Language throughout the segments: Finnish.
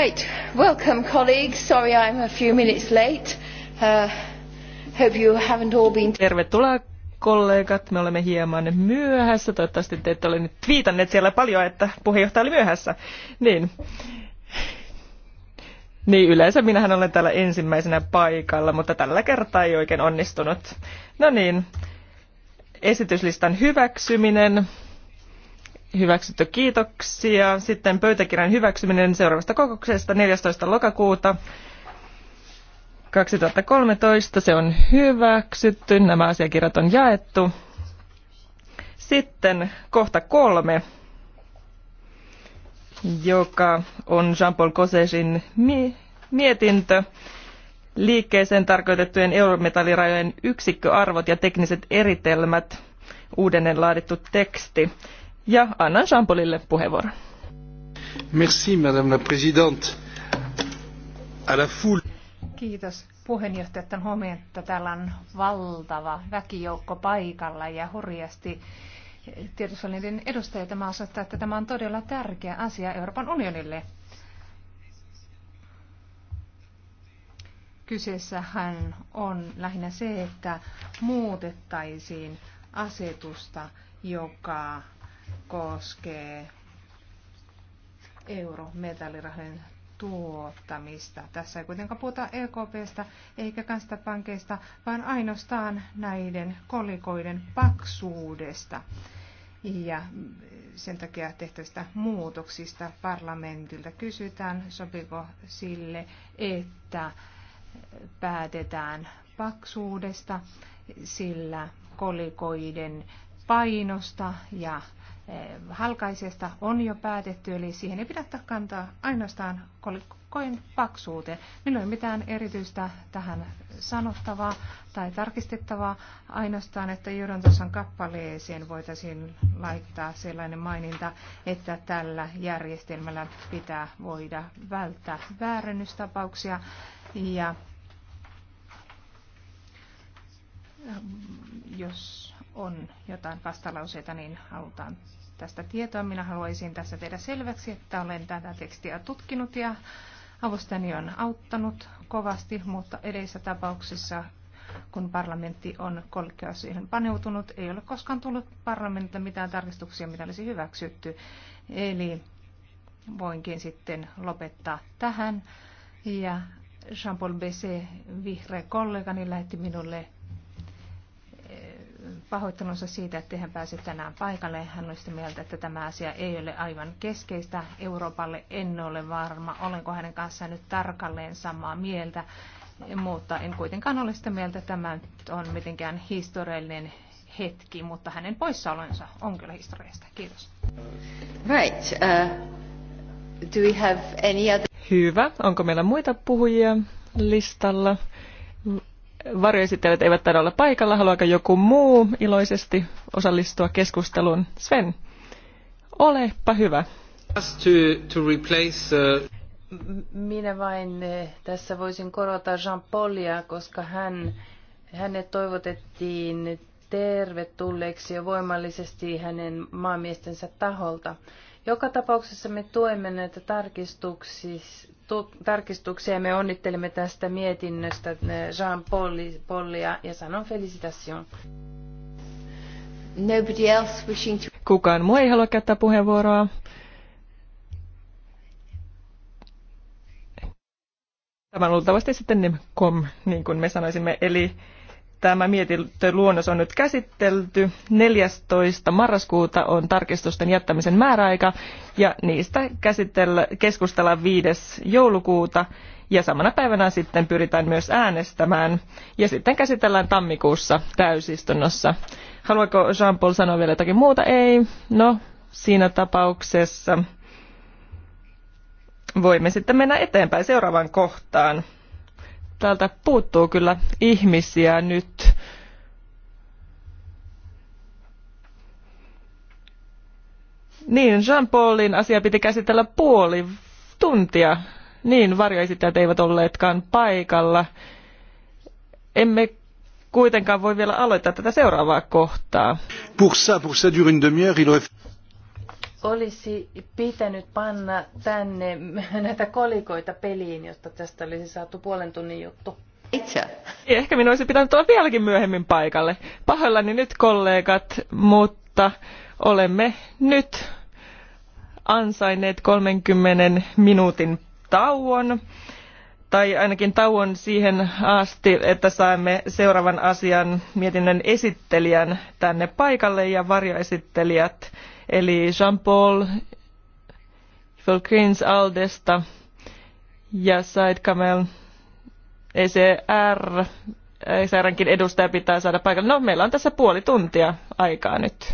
Right, welcome colleagues. Sorry I'm a few minutes late. Uh, hope you haven't all been... Tervetuloa kollegat, me olemme hieman myöhässä. Toivottavasti te ette ole nyt viitanneet siellä paljon, että puheenjohtaja oli myöhässä. Niin. Niin, yleensä minähän olen täällä ensimmäisenä paikalla, mutta tällä kertaa ei oikein onnistunut. No niin, esityslistan hyväksyminen. Hyväksytty. Kiitoksia. Sitten pöytäkirjan hyväksyminen seuraavasta kokouksesta 14. lokakuuta 2013. Se on hyväksytty. Nämä asiakirjat on jaettu. Sitten kohta kolme, joka on Jean-Paul Cosesin mietintö liikkeeseen tarkoitettujen eurometallirajojen yksikköarvot ja tekniset eritelmät, uudelleen laadittu teksti ja annan Jean-Paulille puheenvuoron. Merci, madame la présidente. À la foule. Kiitos puheenjohtaja, että huomioon, että täällä on valtava väkijoukko paikalla ja hurjasti tiedotusvälineiden edustaja Tämä osoittaa, että tämä on todella tärkeä asia Euroopan unionille. Kyseessähän on lähinnä se, että muutettaisiin asetusta, joka koskee eurometallirahojen tuottamista. Tässä ei kuitenkaan puhuta EKPstä eikä kansanpankeista, vaan ainoastaan näiden kolikoiden paksuudesta ja sen takia tehtävistä muutoksista parlamentilta kysytään, sopiko sille, että päätetään paksuudesta, sillä kolikoiden painosta ja Eh, halkaisesta on jo päätetty, eli siihen ei pidä kantaa ainoastaan kolikkojen paksuuteen. Milloin mitään erityistä tähän sanottavaa tai tarkistettavaa, ainoastaan, että tuossa kappaleeseen voitaisiin laittaa sellainen maininta, että tällä järjestelmällä pitää voida välttää väärennystapauksia ja jos on jotain vastalauseita, niin halutaan tästä tietoa. Minä haluaisin tässä tehdä selväksi, että olen tätä tekstiä tutkinut ja avustajani on auttanut kovasti, mutta edellisissä tapauksissa kun parlamentti on siihen paneutunut, ei ole koskaan tullut parlamentilta mitään tarkistuksia, mitä olisi hyväksytty. Eli voinkin sitten lopettaa tähän. Ja Jean-Paul Besset, vihreä kollegani, lähetti minulle pahoittelunsa siitä, että hän pääsi tänään paikalle. Hän oli sitä mieltä, että tämä asia ei ole aivan keskeistä Euroopalle. En ole varma, olenko hänen kanssaan nyt tarkalleen samaa mieltä, mutta en kuitenkaan ole sitä mieltä, että tämä on mitenkään historiallinen hetki, mutta hänen poissaolonsa on kyllä historiasta. Kiitos. Right. Uh, do we have any other... Hyvä. Onko meillä muita puhujia listalla? varjoesittelijät eivät taida olla paikalla. Haluaako joku muu iloisesti osallistua keskusteluun? Sven, olepa hyvä. Uh, minä vain eh, tässä voisin korota Jean-Paulia, koska hän, hänet toivotettiin tervetulleeksi ja voimallisesti hänen maamiestensä taholta. Joka tapauksessa me tuemme näitä tarkistuksia ja me onnittelemme tästä mietinnöstä eh, Jean Paulia ja sanon felicitation. Nobody else wishing to... Kukaan muu ei halua käyttää puheenvuoroa. Tämä luultavasti sitten kom, niin kuin me sanoisimme, eli Tämä mietintöluonnos on nyt käsitelty. 14. marraskuuta on tarkistusten jättämisen määräaika ja niistä keskustellaan 5. joulukuuta ja samana päivänä sitten pyritään myös äänestämään ja sitten käsitellään tammikuussa täysistunnossa. Haluaako Jean-Paul sanoa vielä jotakin muuta? Ei. No, siinä tapauksessa voimme sitten mennä eteenpäin seuraavaan kohtaan täältä puuttuu kyllä ihmisiä nyt. Niin, Jean-Paulin asia piti käsitellä puoli tuntia. Niin, varjoesittäjät eivät olleetkaan paikalla. Emme kuitenkaan voi vielä aloittaa tätä seuraavaa kohtaa. Pour ça, pour ça dure une demi-heure, il aurait olisi pitänyt panna tänne näitä kolikoita peliin, jotta tästä olisi saatu puolen tunnin juttu. Itse. Ehkä minun olisi pitänyt olla vieläkin myöhemmin paikalle. Pahoillani nyt kollegat, mutta olemme nyt ansainneet 30 minuutin tauon tai ainakin tauon siihen asti, että saamme seuraavan asian mietinnön esittelijän tänne paikalle ja varjoesittelijät eli Jean-Paul Volkrins Aldesta ja Said Kamel ECR, ECRnkin edustaja pitää saada paikalle. No, meillä on tässä puoli tuntia aikaa nyt.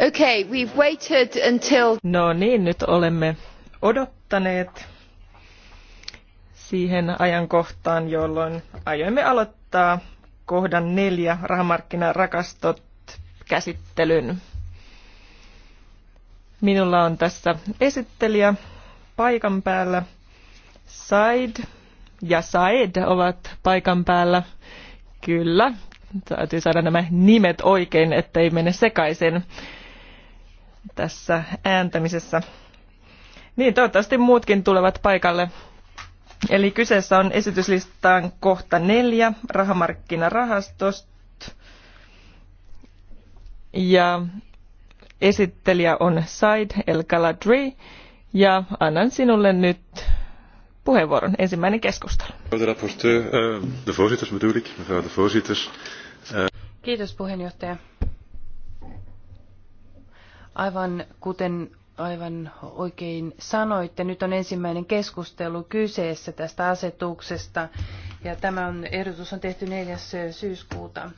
Okay, we've waited until... No niin, nyt olemme odottaneet siihen ajankohtaan, jolloin aioimme aloittaa kohdan neljä rahamarkkinarakastot käsittelyn. Minulla on tässä esittelijä paikan päällä. Said ja Said ovat paikan päällä. Kyllä, täytyy saada nämä nimet oikein, ettei mene sekaisin tässä ääntämisessä. Niin, toivottavasti muutkin tulevat paikalle. Eli kyseessä on esityslistaan kohta neljä rahamarkkinarahastosta. Ja esittelijä on Said El Kaladri ja annan sinulle nyt puheenvuoron. Ensimmäinen keskustelu. Eh, eh. Kiitos puheenjohtaja. Aivan kuten aivan oikein sanoitte, nyt on ensimmäinen keskustelu kyseessä tästä asetuksesta ja tämä on, ehdotus on tehty 4. syyskuuta.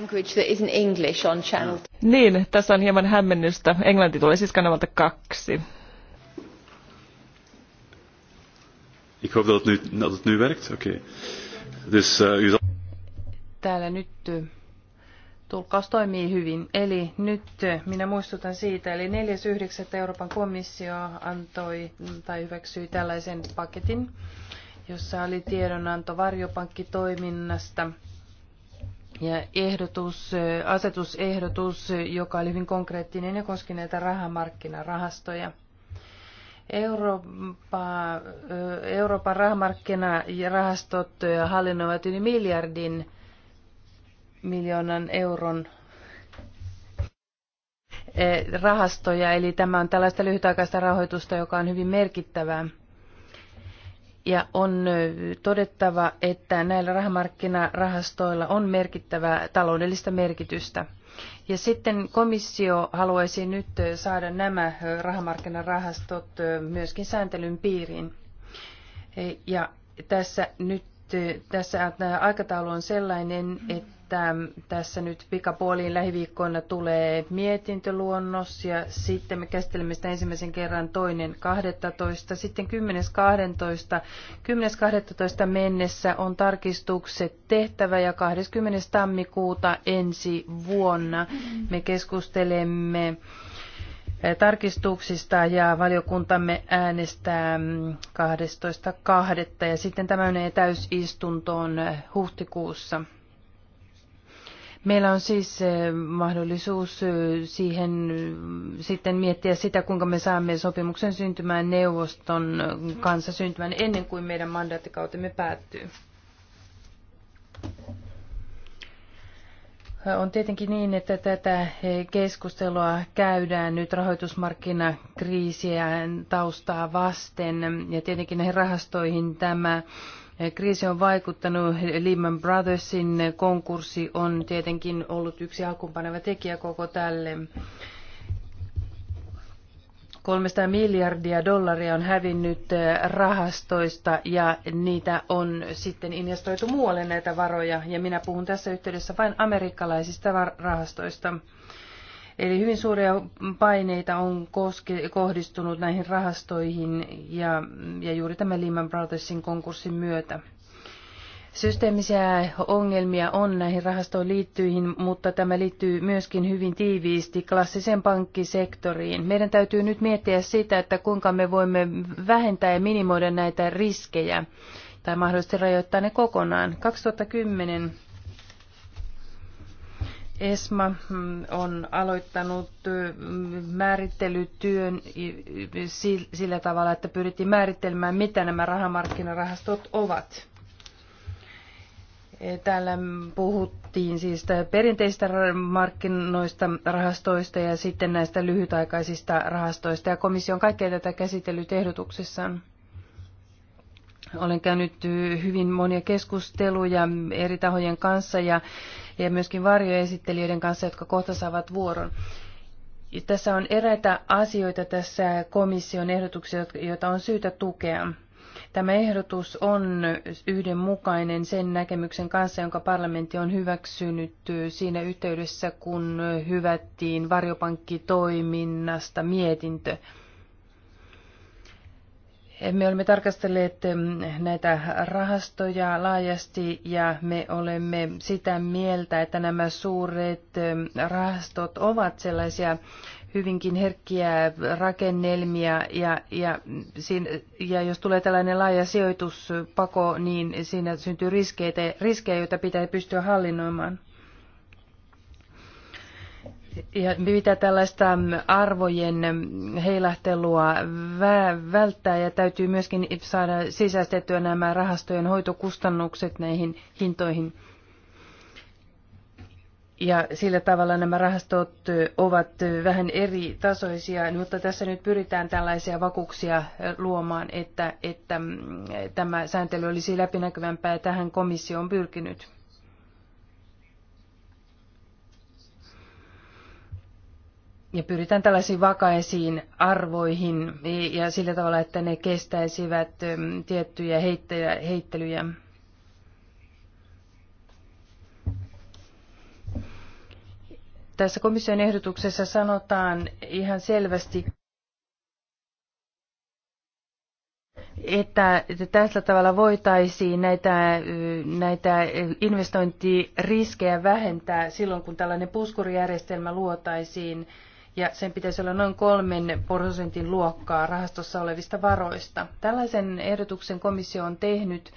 No. Niin, tässä on hieman hämmennystä. Englanti tulee siis kanavalta kaksi. Ik hoop dat het nu, dat het nu werkt. Okay. Dus, uh, u... Täällä nyt tulkkaus toimii hyvin. Eli nyt minä muistutan siitä, eli 4.9. Euroopan komissio antoi tai hyväksyi tällaisen paketin, jossa oli tiedonanto varjopankkitoiminnasta ja ehdotus, asetusehdotus, joka oli hyvin konkreettinen ja koski näitä rahamarkkinarahastoja. Eurooppa, Euroopan rahamarkkinarahastot hallinnoivat yli miljardin miljoonan euron eh, rahastoja, eli tämä on tällaista lyhytaikaista rahoitusta, joka on hyvin merkittävää. Ja on todettava, että näillä rahamarkkinarahastoilla on merkittävää taloudellista merkitystä. Ja sitten komissio haluaisi nyt saada nämä rahamarkkinarahastot myöskin sääntelyn piiriin. E, ja tässä nyt tässä aikataulu on sellainen, että että tässä nyt pikapuoliin lähiviikkoina tulee mietintöluonnos ja sitten me käsittelemme sitä ensimmäisen kerran toinen 12. Sitten 10.12. 10.12. mennessä on tarkistukset tehtävä ja 20. tammikuuta ensi vuonna me keskustelemme eh, tarkistuksista ja valiokuntamme äänestää 12.2. Mm, ja sitten tämä menee täysistuntoon eh, huhtikuussa. Meillä on siis eh, mahdollisuus eh, siihen eh, sitten miettiä sitä, kuinka me saamme sopimuksen syntymään neuvoston kanssa syntymään ennen kuin meidän mandaattikautemme päättyy. On tietenkin niin, että tätä keskustelua käydään nyt rahoitusmarkkinakriisiä taustaa vasten ja tietenkin näihin rahastoihin tämä Kriisi on vaikuttanut. Lehman Brothersin konkurssi on tietenkin ollut yksi alkupaneva tekijä koko tälle. 300 miljardia dollaria on hävinnyt rahastoista ja niitä on sitten investoitu muualle näitä varoja. Ja minä puhun tässä yhteydessä vain amerikkalaisista rahastoista. Eli hyvin suuria paineita on koske, kohdistunut näihin rahastoihin ja, ja juuri tämän Lehman Brothersin konkurssin myötä. Systeemisiä ongelmia on näihin rahastoon liittyihin, mutta tämä liittyy myöskin hyvin tiiviisti klassiseen pankkisektoriin. Meidän täytyy nyt miettiä sitä, että kuinka me voimme vähentää ja minimoida näitä riskejä tai mahdollisesti rajoittaa ne kokonaan. 2010 ESMA mm, on aloittanut mm, määrittelytyön sillä tavalla, että pyrittiin määrittelemään, mitä nämä rahamarkkinarahastot ovat. E, täällä puhuttiin siis perinteistä markkinoista, rahastoista ja sitten näistä lyhytaikaisista rahastoista. Ja komissio on kaikkea tätä käsitellyt ehdotuksessaan. Olen käynyt hyvin monia keskusteluja eri tahojen kanssa ja ja myöskin varjoesittelijöiden kanssa, jotka kohta saavat vuoron. Tässä on eräitä asioita tässä komission ehdotuksia, joita on syytä tukea. Tämä ehdotus on yhdenmukainen sen näkemyksen kanssa, jonka parlamentti on hyväksynyt siinä yhteydessä, kun hyvättiin varjopankkitoiminnasta mietintö. Me olemme tarkastelleet näitä rahastoja laajasti ja me olemme sitä mieltä, että nämä suuret rahastot ovat sellaisia hyvinkin herkkiä rakennelmia ja, ja, siinä, ja jos tulee tällainen laaja sijoituspako, niin siinä syntyy riskeitä, riskejä, joita pitää pystyä hallinnoimaan ja mitä tällaista arvojen heilahtelua välttää ja täytyy myöskin saada sisäistettyä nämä rahastojen hoitokustannukset näihin hintoihin. Ja sillä tavalla nämä rahastot ovat vähän eri tasoisia, mutta tässä nyt pyritään tällaisia vakuuksia luomaan, että, että mm, tämä sääntely olisi läpinäkyvämpää ja tähän komissio on pyrkinyt. ja pyritään tällaisiin vakaisiin arvoihin ja sillä tavalla, että ne kestäisivät mm, tiettyjä heittäjä, heittelyjä. Tässä komission ehdotuksessa sanotaan ihan selvästi, että tällä tavalla voitaisiin näitä, mm, näitä investointiriskejä vähentää silloin, kun tällainen puskurijärjestelmä luotaisiin ja sen pitäisi olla noin kolmen prosentin luokkaa rahastossa olevista varoista. Tällaisen ehdotuksen komissio on tehnyt,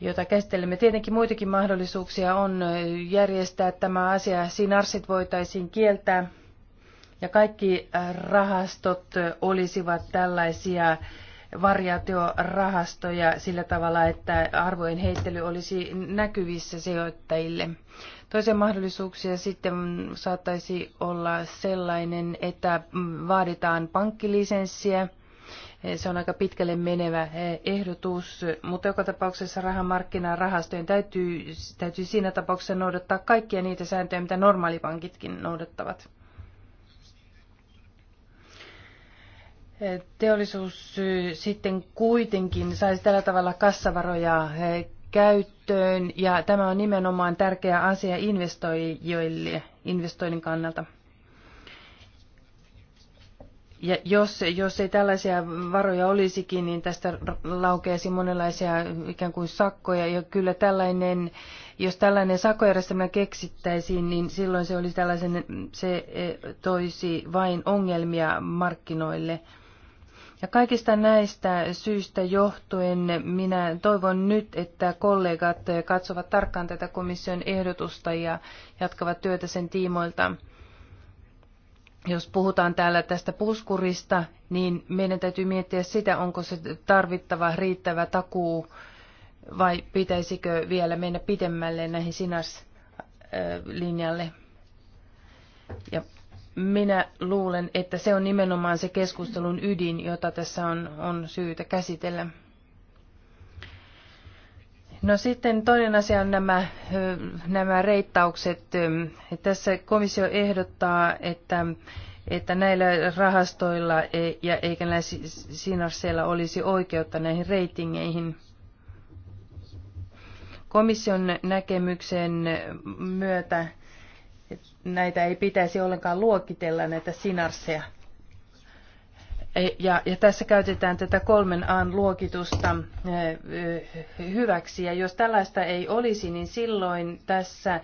jota käsittelemme. Tietenkin muitakin mahdollisuuksia on järjestää tämä asia. Sinarsit voitaisiin kieltää ja kaikki rahastot olisivat tällaisia variaatiorahastoja sillä tavalla, että arvojen heittely olisi näkyvissä sijoittajille. Toisen mahdollisuuksia sitten saattaisi olla sellainen, että vaaditaan pankkilisenssiä. Se on aika pitkälle menevä eh, ehdotus, mutta joka tapauksessa rahamarkkinarahastojen täytyy, täytyy siinä tapauksessa noudattaa kaikkia niitä sääntöjä, mitä normaalipankitkin noudattavat. teollisuus sitten kuitenkin saisi tällä tavalla kassavaroja eh, käyttöön ja tämä on nimenomaan tärkeä asia investoijille investoinnin kannalta. Ja jos, jos ei tällaisia varoja olisikin, niin tästä laukeaisi monenlaisia ikään kuin sakkoja. Ja kyllä tällainen, jos tällainen sakkojärjestelmä keksittäisiin, niin silloin se, olisi tällaisen, se eh, toisi vain ongelmia markkinoille. Ja kaikista näistä syistä johtuen minä toivon nyt, että kollegat katsovat tarkkaan tätä komission ehdotusta ja jatkavat työtä sen tiimoilta. Jos puhutaan täällä tästä puskurista, niin meidän täytyy miettiä sitä, onko se tarvittava riittävä takuu vai pitäisikö vielä mennä pidemmälle näihin sinas linjalle. Ja minä luulen, että se on nimenomaan se keskustelun ydin, jota tässä on, on syytä käsitellä. No sitten toinen asia on nämä, nämä reittaukset. Tässä komissio ehdottaa, että, että näillä rahastoilla e, ja eikä näillä sinarseilla olisi oikeutta näihin reitingeihin. Komission näkemyksen myötä näitä ei pitäisi ollenkaan luokitella, näitä sinarseja. E, ja, ja tässä käytetään tätä kolmen an luokitusta e, e, hyväksi. Ja jos tällaista ei olisi, niin silloin tässä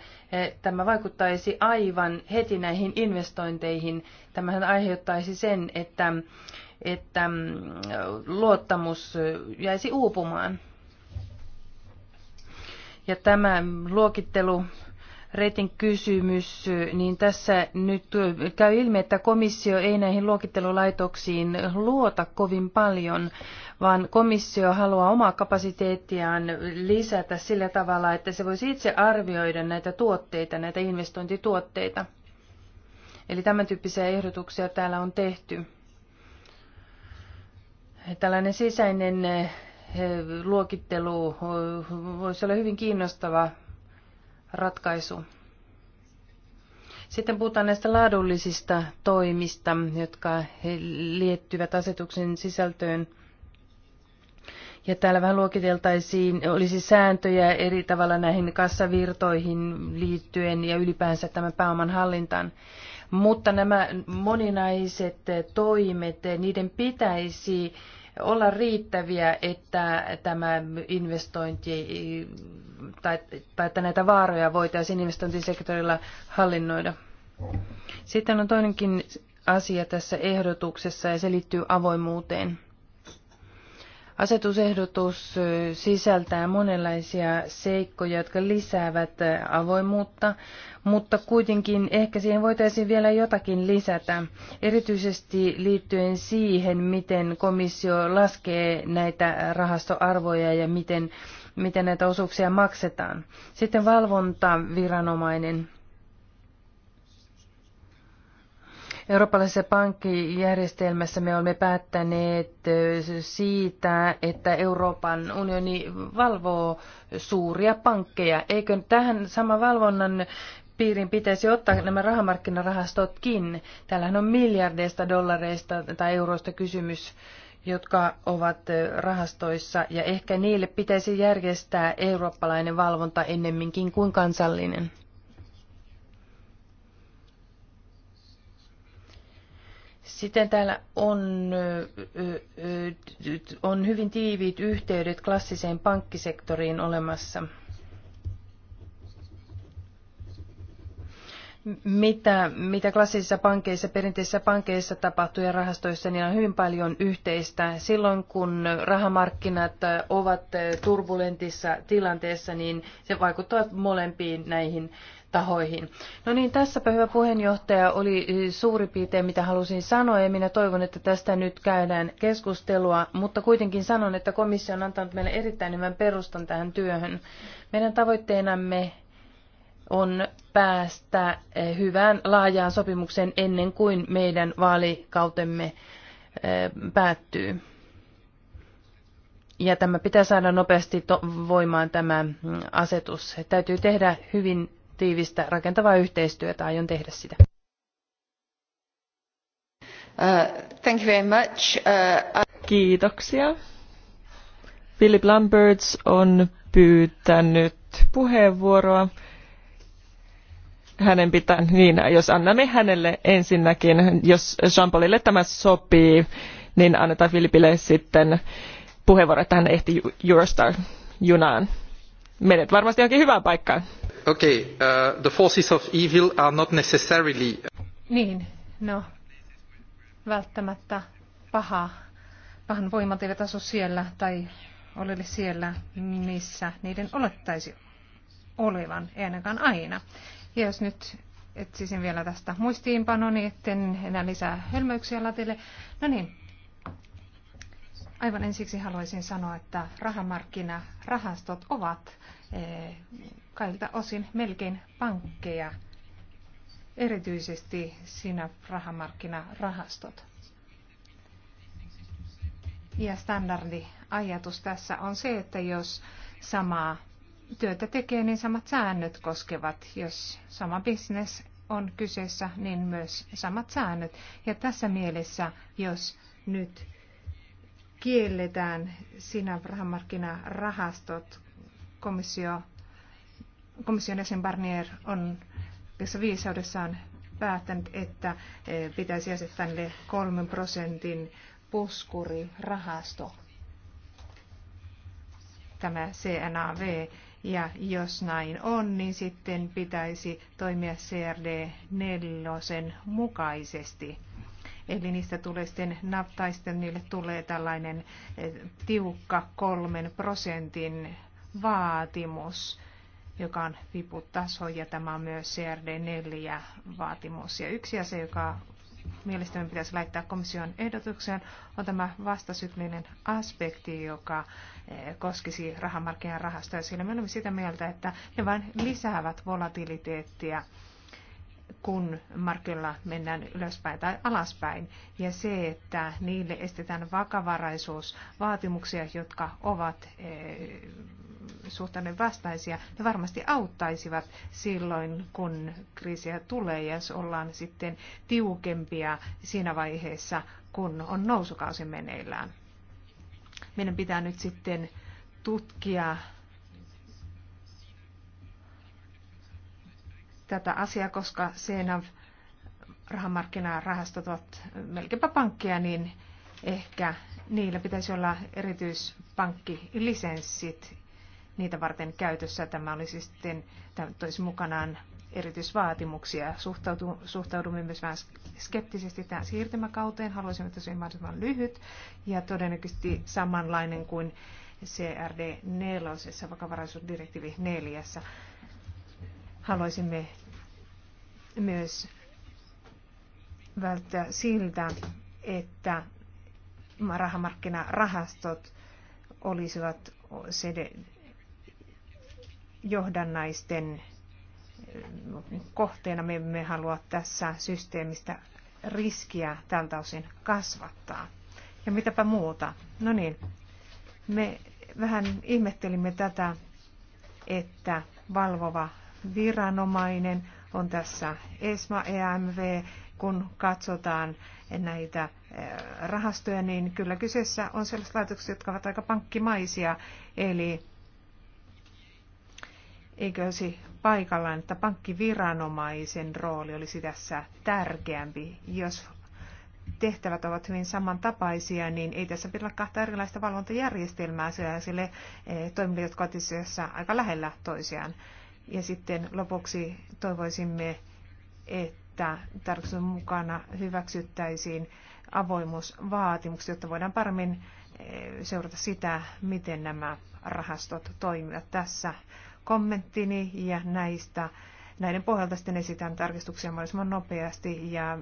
tämä vaikuttaisi aivan heti näihin investointeihin. Tämähän aiheuttaisi sen, että, että mm, luottamus jäisi uupumaan. Ja tämä luokittelu reitin kysymys, niin tässä nyt käy ilmi, että komissio ei näihin luokittelulaitoksiin luota kovin paljon, vaan komissio haluaa omaa kapasiteettiaan lisätä sillä tavalla, että se voisi itse arvioida näitä tuotteita, näitä investointituotteita. Eli tämän tyyppisiä ehdotuksia täällä on tehty. Tällainen sisäinen eh, luokittelu eh, voisi olla hyvin kiinnostava ratkaisu. Sitten puhutaan näistä laadullisista toimista, jotka liittyvät asetuksen sisältöön. Ja täällä vähän luokiteltaisiin, olisi sääntöjä eri tavalla näihin kassavirtoihin liittyen ja ylipäänsä tämän pääoman hallintaan. Mutta nämä moninaiset toimet, niiden pitäisi olla riittäviä, että tämä investointi tai, tai että näitä vaaroja voitaisiin investointisektorilla hallinnoida. Sitten on toinenkin asia tässä ehdotuksessa ja se liittyy avoimuuteen. Asetusehdotus sisältää monenlaisia seikkoja, jotka lisäävät avoimuutta, mutta kuitenkin ehkä siihen voitaisiin vielä jotakin lisätä, erityisesti liittyen siihen, miten komissio laskee näitä rahastoarvoja ja miten, miten näitä osuuksia maksetaan. Sitten valvontaviranomainen. Eurooppalaisessa pankkijärjestelmässä me olemme päättäneet siitä, että Euroopan unioni valvoo suuria pankkeja. Eikö tähän sama valvonnan piirin pitäisi ottaa nämä rahamarkkinarahastotkin? Täällähän on miljardeista dollareista tai euroista kysymys jotka ovat rahastoissa, ja ehkä niille pitäisi järjestää eurooppalainen valvonta ennemminkin kuin kansallinen. Sitten täällä on, on hyvin tiiviit yhteydet klassiseen pankkisektoriin olemassa. Mitä, mitä klassisissa pankeissa, perinteisissä pankeissa tapahtuu ja rahastoissa, niin on hyvin paljon yhteistä. Silloin kun rahamarkkinat ovat turbulentissa tilanteessa, niin se vaikuttaa molempiin näihin tahoihin. No niin, tässäpä hyvä puheenjohtaja oli eh, suuri piirtein mitä halusin sanoa ja minä toivon, että tästä nyt käydään keskustelua, mutta kuitenkin sanon, että komissio on antanut meille erittäin hyvän perustan tähän työhön. Meidän tavoitteenamme on päästä eh, hyvään laajaan sopimukseen ennen kuin meidän vaalikautemme eh, päättyy. Ja tämä pitää saada nopeasti voimaan tämä mm, asetus. Täytyy tehdä hyvin tiivistä rakentavaa yhteistyötä. Aion tehdä sitä. Uh, thank you very much. Uh, I... Kiitoksia. Philip Lamberts on pyytänyt puheenvuoroa. Hänen pitää, niin jos annamme hänelle ensinnäkin, jos Jean-Paulille tämä sopii, niin annetaan Filipille sitten puheenvuoro, että hän ehti Eurostar-junaan. Menet varmasti johonkin hyvään paikkaan. Okay, uh, the forces of evil are not necessarily... Niin, no, välttämättä paha, pahan voimat eivät asu siellä tai ole siellä, missä niiden olettaisi olevan, ei ainakaan aina. Ja jos nyt etsisin vielä tästä muistiinpanoni, niin etten enää lisää hölmöyksiä latille. No niin, aivan ensiksi haluaisin sanoa, että rahamarkkinarahastot ovat eh, kaikilta osin melkein pankkeja, erityisesti siinä rahamarkkinarahastot. Ja standardiajatus tässä on se, että jos samaa työtä tekee, niin samat säännöt koskevat. Jos sama bisnes on kyseessä, niin myös samat säännöt. Ja tässä mielessä, jos nyt kielletään sinä rahamarkkinarahastot, komissio komission jäsen Barnier on tässä viisaudessaan päättänyt, että eh, pitäisi asettaa tälle kolmen prosentin puskurirahasto, tämä CNAV, ja jos näin on, niin sitten pitäisi toimia CRD4 mukaisesti. Eli niistä tulee sitten naptaista, niille tulee tällainen eh, tiukka kolmen prosentin vaatimus joka on viputaso, ja tämä on myös CRD4-vaatimus. Ja yksi asia, joka mielestäni pitäisi laittaa komission ehdotukseen, on tämä vastasyklinen aspekti, joka eh, koskisi rahamarkkinan rahastoja. Sillä me olemme sitä mieltä, että ne vain lisäävät volatiliteettia kun markkinoilla mennään ylöspäin tai alaspäin. Ja se, että niille estetään vakavaraisuusvaatimuksia, jotka ovat eh, suhtainen vastaisia, ne varmasti auttaisivat silloin, kun kriisiä tulee ja jos ollaan sitten tiukempia siinä vaiheessa, kun on nousukausi meneillään. Meidän pitää nyt sitten tutkia tätä asiaa, koska CNAV rahamarkkinarahastot ovat melkeinpä pankkia, niin ehkä niillä pitäisi olla erityispankkilisenssit, niitä varten käytössä. Tämä olisi siis sitten, tämä toisi mukanaan erityisvaatimuksia. Suhtautu, suhtaudumme myös vähän skeptisesti tähän siirtymäkauteen. Haluaisimme, että se on mahdollisimman lyhyt ja todennäköisesti samanlainen kuin CRD 4, vakavaraisuusdirektiivi 4. Haluaisimme myös välttää siltä, että rahamarkkinarahastot olisivat johdannaisten eh, kohteena. Me emme halua tässä systeemistä riskiä tältä osin kasvattaa. Ja mitäpä muuta? No niin, me vähän ihmettelimme tätä, että valvova viranomainen on tässä ESMA, EMV, kun katsotaan näitä eh, rahastoja, niin kyllä kyseessä on sellaiset laitokset, jotka ovat aika pankkimaisia, eli eikö olisi paikallaan, että pankkiviranomaisen rooli olisi tässä tärkeämpi, jos tehtävät ovat hyvin samantapaisia, niin ei tässä pidä olla kahta erilaista valvontajärjestelmää sellaisille eh, toimille, jotka ovat itse asiassa aika lähellä toisiaan. Ja sitten lopuksi toivoisimme, että tarkoituksen mukana hyväksyttäisiin avoimuusvaatimukset, jotta voidaan paremmin eh, seurata sitä, miten nämä rahastot toimivat tässä kommenttini ja näistä näiden pohjalta sitten esitän tarkistuksia mahdollisimman nopeasti ja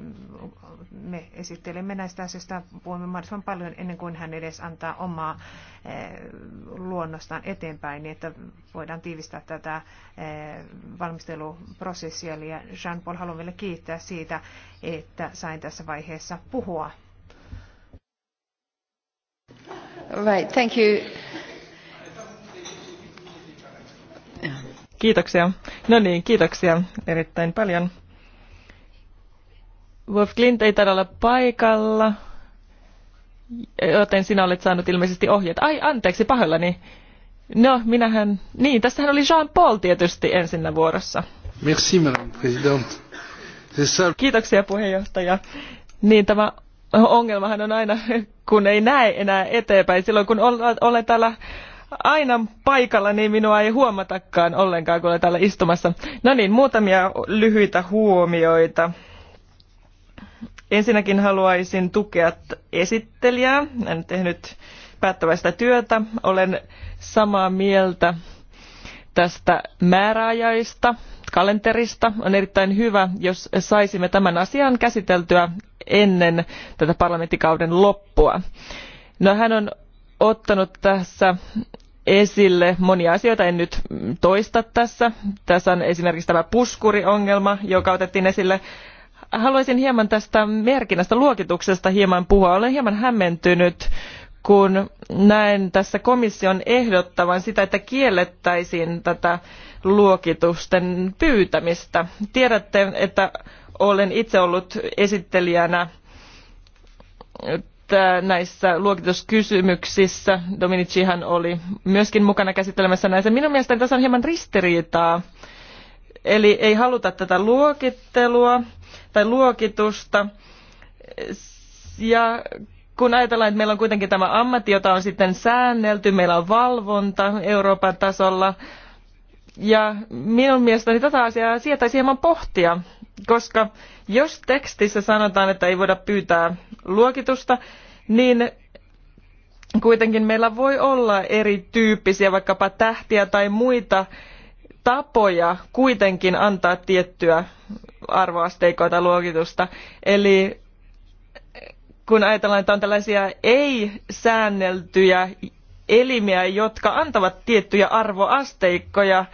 me esittelemme näistä asioista, puhumme mahdollisimman paljon ennen kuin hän edes antaa omaa eh, luonnostaan eteenpäin, niin että voidaan tiivistää tätä eh, valmisteluprosessia. Eli Jean-Paul haluan vielä kiittää siitä, että sain tässä vaiheessa puhua. Right, thank you. Kiitoksia. No niin, kiitoksia erittäin paljon. Wolf Clint ei taida olla paikalla, joten sinä olet saanut ilmeisesti ohjeet. Ai, anteeksi, pahoillani. No, minähän... Niin, tässähän oli Jean-Paul tietysti ensinnä vuorossa. Merci, madame présidente. Kiitoksia, puheenjohtaja. Niin, tämä ongelmahan on aina, kun ei näe enää eteenpäin. Silloin kun olen täällä aina paikalla, niin minua ei huomatakaan ollenkaan, kun olen täällä istumassa. No niin, muutamia lyhyitä huomioita. Ensinnäkin haluaisin tukea esittelijää. En tehnyt päättäväistä työtä. Olen samaa mieltä tästä määräajaista, kalenterista. On erittäin hyvä, jos saisimme tämän asian käsiteltyä ennen tätä parlamenttikauden loppua. No hän on ottanut tässä esille monia asioita en nyt toista tässä. tässä on esimerkiksi tämä puskuriongelma joka otettiin esille. haluaisin hieman tästä merkinnästä luokituksesta hieman puhua. olen hieman hämmentynyt kun näen tässä komission ehdottavan sitä että kiellettäisiin tätä luokitusten pyytämistä. tiedätte että olen itse ollut esittelijänä Äh, näissä luokituskysymyksissä. Dominicihan oli myöskin mukana käsittelemässä näissä. Minun mielestäni tässä on hieman ristiriitaa. Eli ei haluta tätä luokittelua tai luokitusta. Ja kun ajatellaan, että meillä on kuitenkin tämä ammatti, jota on sitten säännelty, meillä on valvonta Euroopan tasolla. Ja minun mielestäni tätä asiaa sietäisi hieman pohtia koska jos tekstissä sanotaan, että ei voida pyytää luokitusta, niin kuitenkin meillä voi olla erityyppisiä vaikkapa tähtiä tai muita tapoja kuitenkin antaa tiettyä arvoasteikkoa tai luokitusta. Eli kun ajatellaan, että on tällaisia ei-säänneltyjä elimiä, jotka antavat tiettyjä arvoasteikkoja,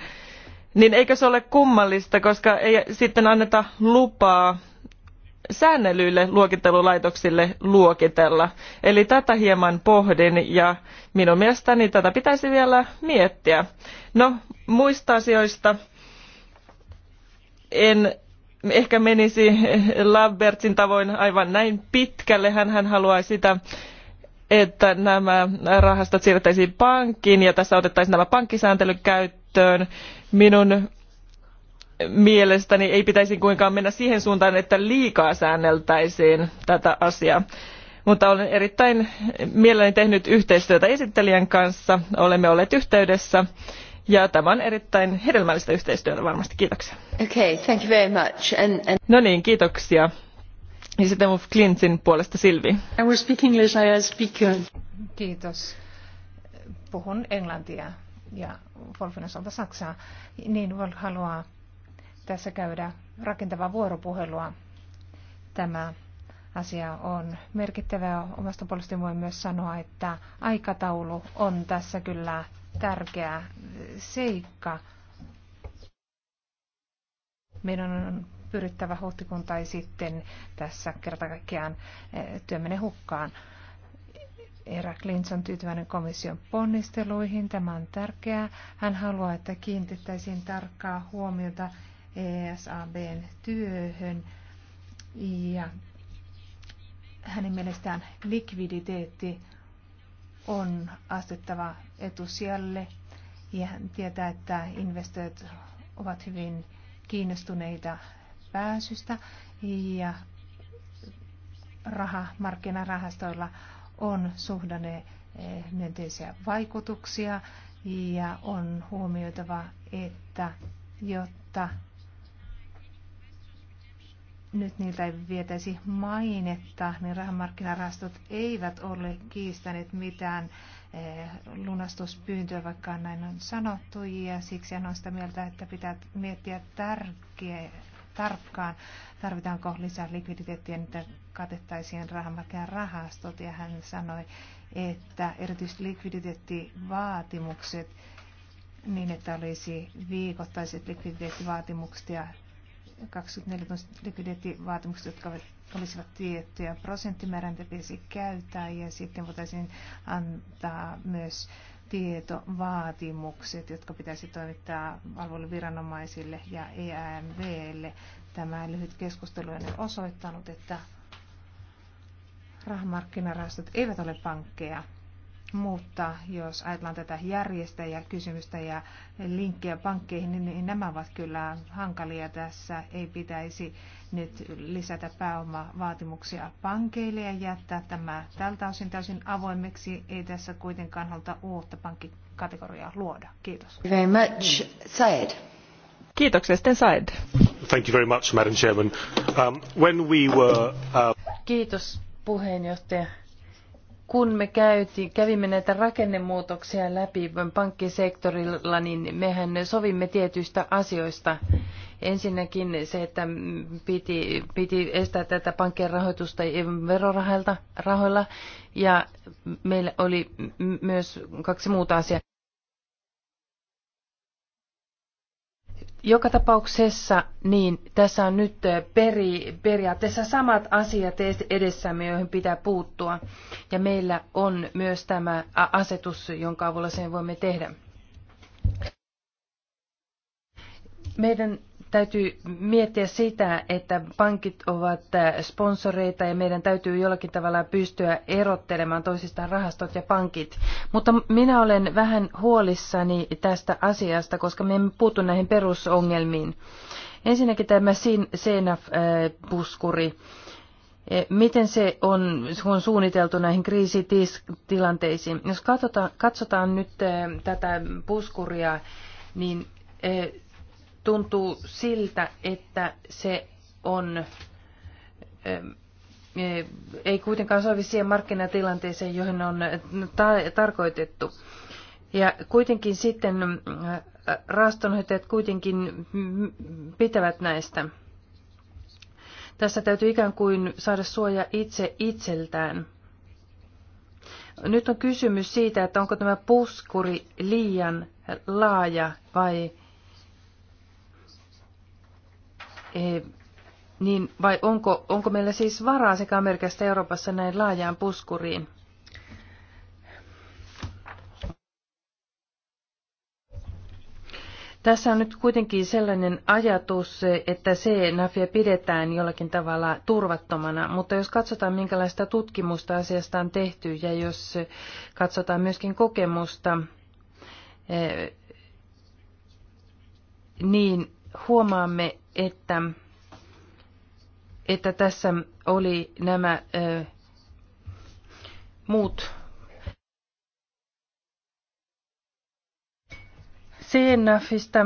niin eikö se ole kummallista, koska ei sitten anneta lupaa säännellyille luokittelulaitoksille luokitella. Eli tätä hieman pohdin ja minun mielestäni tätä pitäisi vielä miettiä. No, muista asioista en ehkä menisi Lambertsin tavoin aivan näin pitkälle. Hän haluaa sitä että nämä rahastot siirrettäisiin pankkiin ja tässä otettaisiin nämä pankkisääntelyt käyttöön käyttöön. Minun mielestäni ei pitäisi kuinkaan mennä siihen suuntaan, että liikaa säänneltäisiin tätä asiaa. Mutta olen erittäin mielelläni tehnyt yhteistyötä esittelijän kanssa. Olemme olleet yhteydessä ja tämä on erittäin hedelmällistä yhteistyötä varmasti. Kiitoksia. Okay, thank you very much. And, and... No niin, kiitoksia. Ja sitten mun Clintin puolesta Silvi. I will speak English, I speak... Uh, Kiitos. Puhun englantia ja Wolfin osalta Saksaa, niin haluaa tässä käydä rakentavaa vuoropuhelua. Tämä asia on merkittävä. Omasta puolestani voin myös sanoa, että aikataulu on tässä kyllä tärkeä seikka. Meidän on pyrittävä huhtikuun sitten tässä kerta kaikkiaan eh, työ hukkaan. Herakliins on tyytyväinen komission ponnisteluihin. Tämä on tärkeää. Hän haluaa, että kiinnitettäisiin tarkkaa huomiota ESABn työhön ja hänen mielestään likviditeetti on astettava etusijalle ja hän tietää, että investoijat ovat hyvin kiinnostuneita pääsystä ja rahamarkkinarahastoilla markkinarahastoilla on suhdanne eh, myönteisiä vaikutuksia ja on huomioitava, että jotta nyt niiltä ei vietäisi mainetta, niin rahamarkkinarastot eivät ole kiistäneet mitään eh, lunastuspyyntöä, vaikka näin on sanottu, ja siksi on sitä mieltä, että pitää miettiä tärkeä, tarkkaan, tarvitaanko lisää likviditeettiä, että katettaisiin rahamarkkinan rahastot. Ja hän sanoi, että erityisesti likviditeettivaatimukset, niin että olisi viikoittaiset likviditeettivaatimukset ja 24 tunnin likviditeettivaatimukset, jotka olisivat tiettyjä prosenttimäärän, pitäisi käyttää ja sitten voitaisiin antaa myös tietovaatimukset, jotka pitäisi toimittaa valvoille viranomaisille ja EAMVlle. Tämä lyhyt keskustelu on osoittanut, että rahamarkkinarahastot eivät ole pankkeja. Mutta jos ajatellaan tätä järjestäjäkysymystä ja linkkejä pankkeihin, niin, niin nämä ovat kyllä hankalia tässä. Ei pitäisi nyt lisätä pääomavaatimuksia pankeille ja jättää tämä tältä osin täysin avoimeksi. Ei tässä kuitenkaan haluta uutta pankkikategoriaa luoda. Kiitos. Very much. Said. Kiitoksia sitten Said. Thank you very much, Madam Chairman. Um, when we were, uh... Kiitos puheenjohtaja kun me käytiin, kävimme näitä rakennemuutoksia läpi pankkisektorilla, niin mehän sovimme tietyistä asioista. Ensinnäkin se, että piti, piti estää tätä pankkien rahoitusta verorahoilla ja meillä oli myös kaksi muuta asiaa. Joka tapauksessa niin tässä on nyt eh, peri, periaatteessa samat asiat edessämme, joihin pitää puuttua. Ja meillä on myös tämä asetus, jonka avulla sen voimme tehdä. Meidän täytyy miettiä sitä, että pankit ovat äh, sponsoreita ja meidän täytyy jollakin tavalla pystyä erottelemaan toisistaan rahastot ja pankit. Mutta minä olen vähän huolissani tästä asiasta, koska me emme puutu näihin perusongelmiin. Ensinnäkin tämä CNAF-puskuri. E, miten se on, on suunniteltu näihin kriisitilanteisiin? Jos katsotaan, katsotaan nyt äh, tätä puskuria, niin äh, tuntuu siltä, että se on, eh, ei kuitenkaan sovi siihen markkinatilanteeseen, johon on eh, ta- tarkoitettu. Ja kuitenkin sitten eh, raastonhoitajat kuitenkin pitävät näistä. Tässä täytyy ikään kuin saada suoja itse itseltään. Nyt on kysymys siitä, että onko tämä puskuri liian laaja vai Eh, niin vai onko, onko meillä siis varaa sekä Amerikasta Euroopassa näin laajaan puskuriin? Tässä on nyt kuitenkin sellainen ajatus, että se nafia pidetään jollakin tavalla turvattomana, mutta jos katsotaan minkälaista tutkimusta asiasta on tehty ja jos katsotaan myöskin kokemusta, eh, niin huomaamme, että, että tässä oli nämä ö, muut CNAFista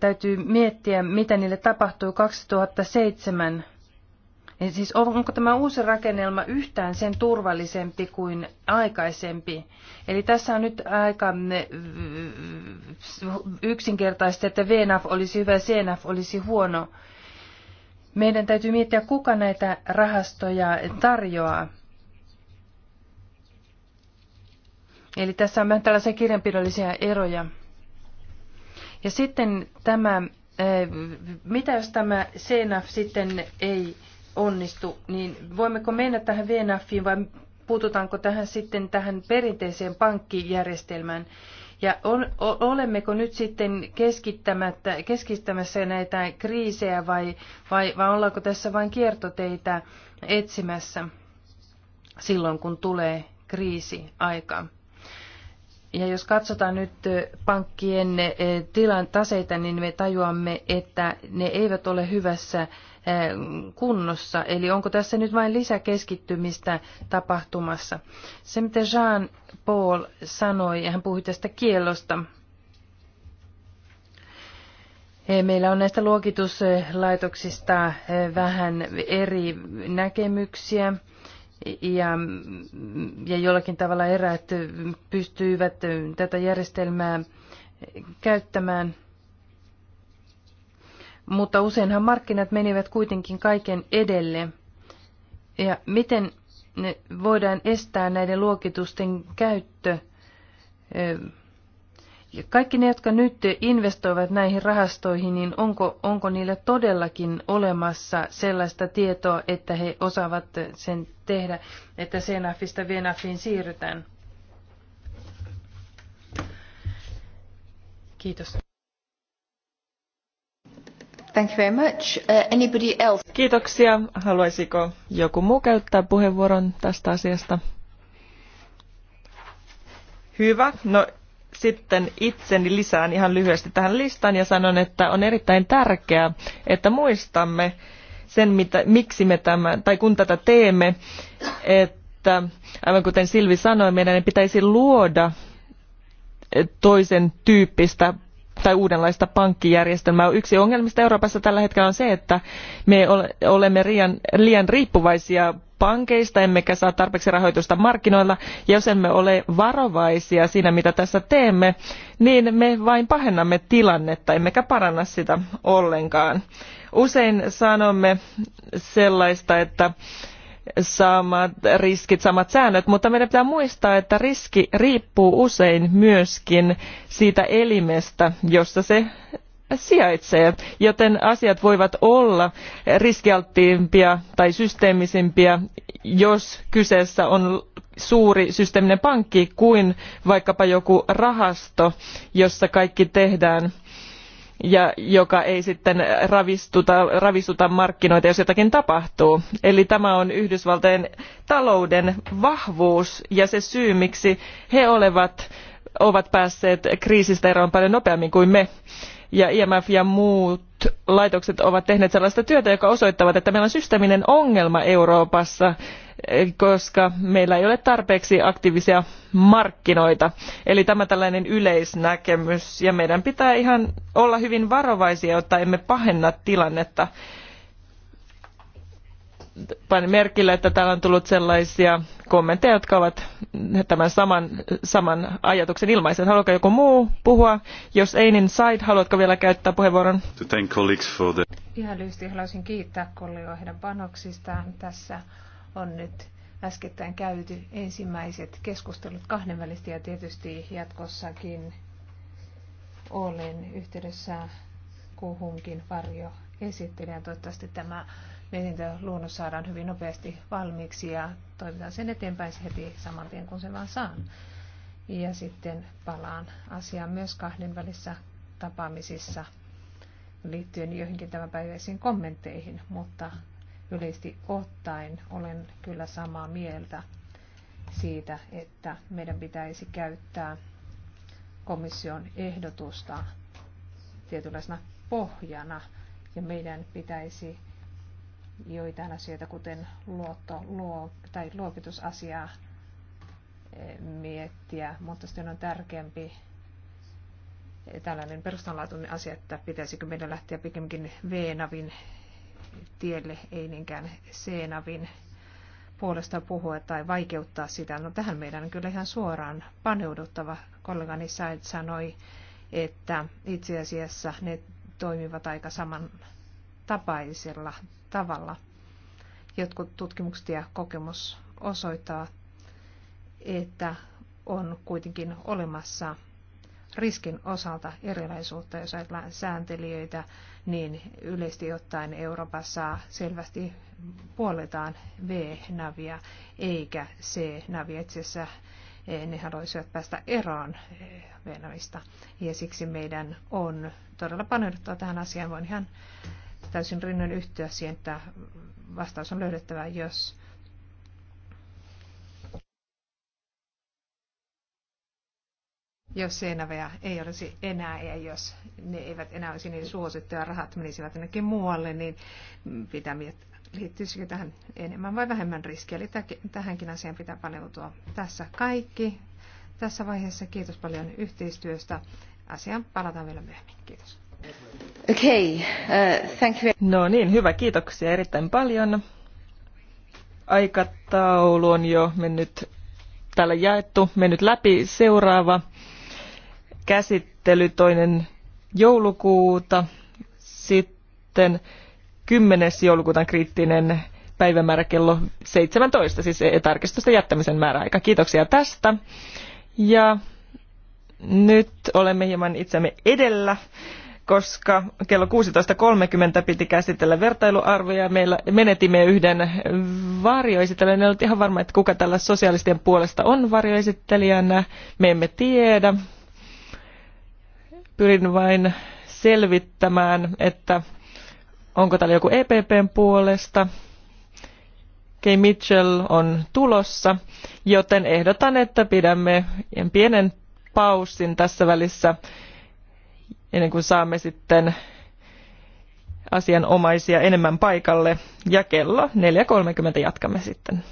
täytyy miettiä, mitä niille tapahtui 2007 Eh, siis onko tämä uusi rakennelma yhtään sen turvallisempi kuin aikaisempi? Eli tässä on nyt aika mm, mm, yksinkertaista, että VNAF olisi hyvä ja CNAF olisi huono. Meidän täytyy miettiä, kuka näitä rahastoja tarjoaa. Eli tässä on tällaisia kirjanpidollisia eroja. Ja sitten tämä, eh, mitä jos tämä CNAF sitten ei onnistu, niin voimmeko mennä tähän VNFiin vai puututaanko tähän sitten tähän perinteiseen pankkijärjestelmään? Ja on, olemmeko nyt sitten keskittämässä näitä kriisejä vai, vai, vai ollaanko tässä vain kiertoteitä etsimässä silloin, kun tulee kriisiaika? Ja jos katsotaan nyt pankkien eh, tilan taseita, niin me tajuamme, että ne eivät ole hyvässä Eh, kunnossa. Eli onko tässä nyt vain lisäkeskittymistä tapahtumassa? Se, mitä Jean Paul sanoi, ja hän puhui tästä kiellosta, eh, Meillä on näistä luokituslaitoksista eh, vähän eri näkemyksiä ja, ja jollakin tavalla eräät pystyivät tätä järjestelmää käyttämään mutta useinhan markkinat menivät kuitenkin kaiken edelle. Ja miten voidaan estää näiden luokitusten käyttö? Kaikki ne, jotka nyt investoivat näihin rahastoihin, niin onko, onko niillä todellakin olemassa sellaista tietoa, että he osaavat sen tehdä, että CNAFista VNAFiin siirrytään? Kiitos. Uh, Kiitoksia. Haluaisiko joku muu käyttää puheenvuoron tästä asiasta? Hyvä. No sitten itseni lisään ihan lyhyesti tähän listaan ja sanon, että on erittäin tärkeää, että muistamme sen, mitä, miksi me tämä, tai kun tätä teemme, että aivan kuten Silvi sanoi, meidän pitäisi luoda toisen tyyppistä tai uudenlaista pankkijärjestelmää. Yksi ongelmista Euroopassa tällä hetkellä on se, että me olemme liian, liian riippuvaisia pankeista, emmekä saa tarpeeksi rahoitusta markkinoilla. Ja jos emme ole varovaisia siinä, mitä tässä teemme, niin me vain pahennamme tilannetta, emmekä paranna sitä ollenkaan. Usein sanomme sellaista, että samat riskit, samat säännöt, mutta meidän pitää muistaa, että riski riippuu usein myöskin siitä elimestä, jossa se sijaitsee, joten asiat voivat olla riskialttiimpia tai systeemisempiä jos kyseessä on suuri systeeminen pankki kuin vaikkapa joku rahasto, jossa kaikki tehdään ja joka ei sitten ravistuta, ravistuta markkinoita, jos jotakin tapahtuu. Eli tämä on Yhdysvaltojen talouden vahvuus ja se syy, miksi he olevat, ovat päässeet kriisistä eroon paljon nopeammin kuin me. Ja IMF ja muut laitokset ovat tehneet sellaista työtä, joka osoittavat, että meillä on systeeminen ongelma Euroopassa koska meillä ei ole tarpeeksi aktiivisia markkinoita. Eli tämä tällainen yleisnäkemys ja meidän pitää ihan olla hyvin varovaisia, jotta emme pahenna tilannetta. Panin merkille, että täällä on tullut sellaisia kommentteja, jotka ovat tämän saman, saman ajatuksen ilmaisen. Haluatko joku muu puhua? Jos ei, niin Said, haluatko vielä käyttää puheenvuoron? Ihan lyhyesti haluaisin kiittää kollegoja heidän panoksistaan tässä on nyt äskettäin käyty ensimmäiset keskustelut kahdenvälisesti ja tietysti jatkossakin olen yhteydessä kuhunkin varjo esittelijä. Toivottavasti tämä luonnos saadaan hyvin nopeasti valmiiksi ja toimitaan sen eteenpäin heti saman tien, kun se vaan saan. Ja sitten palaan asiaan myös kahdenvälisissä tapaamisissa liittyen joihinkin tämänpäiväisiin kommentteihin, mutta yleisesti ottaen olen kyllä samaa mieltä siitä, että meidän pitäisi käyttää komission ehdotusta tietynlaisena pohjana ja meidän pitäisi joitain asioita, kuten luotto, luo, tai luokitusasiaa eh, miettiä, mutta sitten on tärkeämpi eh, tällainen perustanlaatuinen asia, että pitäisikö meidän lähteä pikemminkin VNAVin tielle, ei niinkään Seenavin puolesta puhua tai vaikeuttaa sitä. No tähän meidän on kyllä ihan suoraan paneuduttava. Kollegani Said sanoi, että itse asiassa ne toimivat aika saman tapaisella tavalla. Jotkut tutkimukset ja kokemus osoittaa, että on kuitenkin olemassa riskin osalta erilaisuutta, jos ajatellaan sääntelijöitä, niin yleisesti ottaen Euroopassa selvästi puoletaan V-navia eikä C-navia. Itse asiassa eh, ne haluaisivat päästä eroon eh, Venäjistä. Ja siksi meidän on todella paneuduttava tähän asiaan. Voin ihan täysin rinnan yhtyä siihen, että vastaus on löydettävä, jos jos Seinäveä ei olisi enää ja jos ne eivät enää olisi niin suosittuja, rahat menisivät jonnekin muualle, niin pitää miettiä, liittyisikö tähän enemmän vai vähemmän riskiä. Eli tähänkin asiaan pitää paneutua. Tässä kaikki. Tässä vaiheessa kiitos paljon yhteistyöstä. Asiaan palataan vielä myöhemmin. Kiitos. Okay, uh, thank you. No niin, hyvä. Kiitoksia erittäin paljon. Aikataulu on jo mennyt täällä jaettu, mennyt läpi. Seuraava käsittely toinen joulukuuta, sitten 10. joulukuuta kriittinen päivämäärä kello 17, siis e- tarkistusta jättämisen määräaika. Kiitoksia tästä. Ja nyt olemme hieman itsemme edellä, koska kello 16.30 piti käsitellä vertailuarvoja. Meillä menetimme yhden varjoesittelijän. En ole ihan varma, että kuka tällä sosiaalisten puolesta on varjoesittelijänä. Me emme tiedä. Pyrin vain selvittämään, että onko täällä joku EPPn puolesta. Kay Mitchell on tulossa, joten ehdotan, että pidämme pienen paussin tässä välissä ennen kuin saamme sitten asianomaisia enemmän paikalle ja kello 4.30 jatkamme sitten.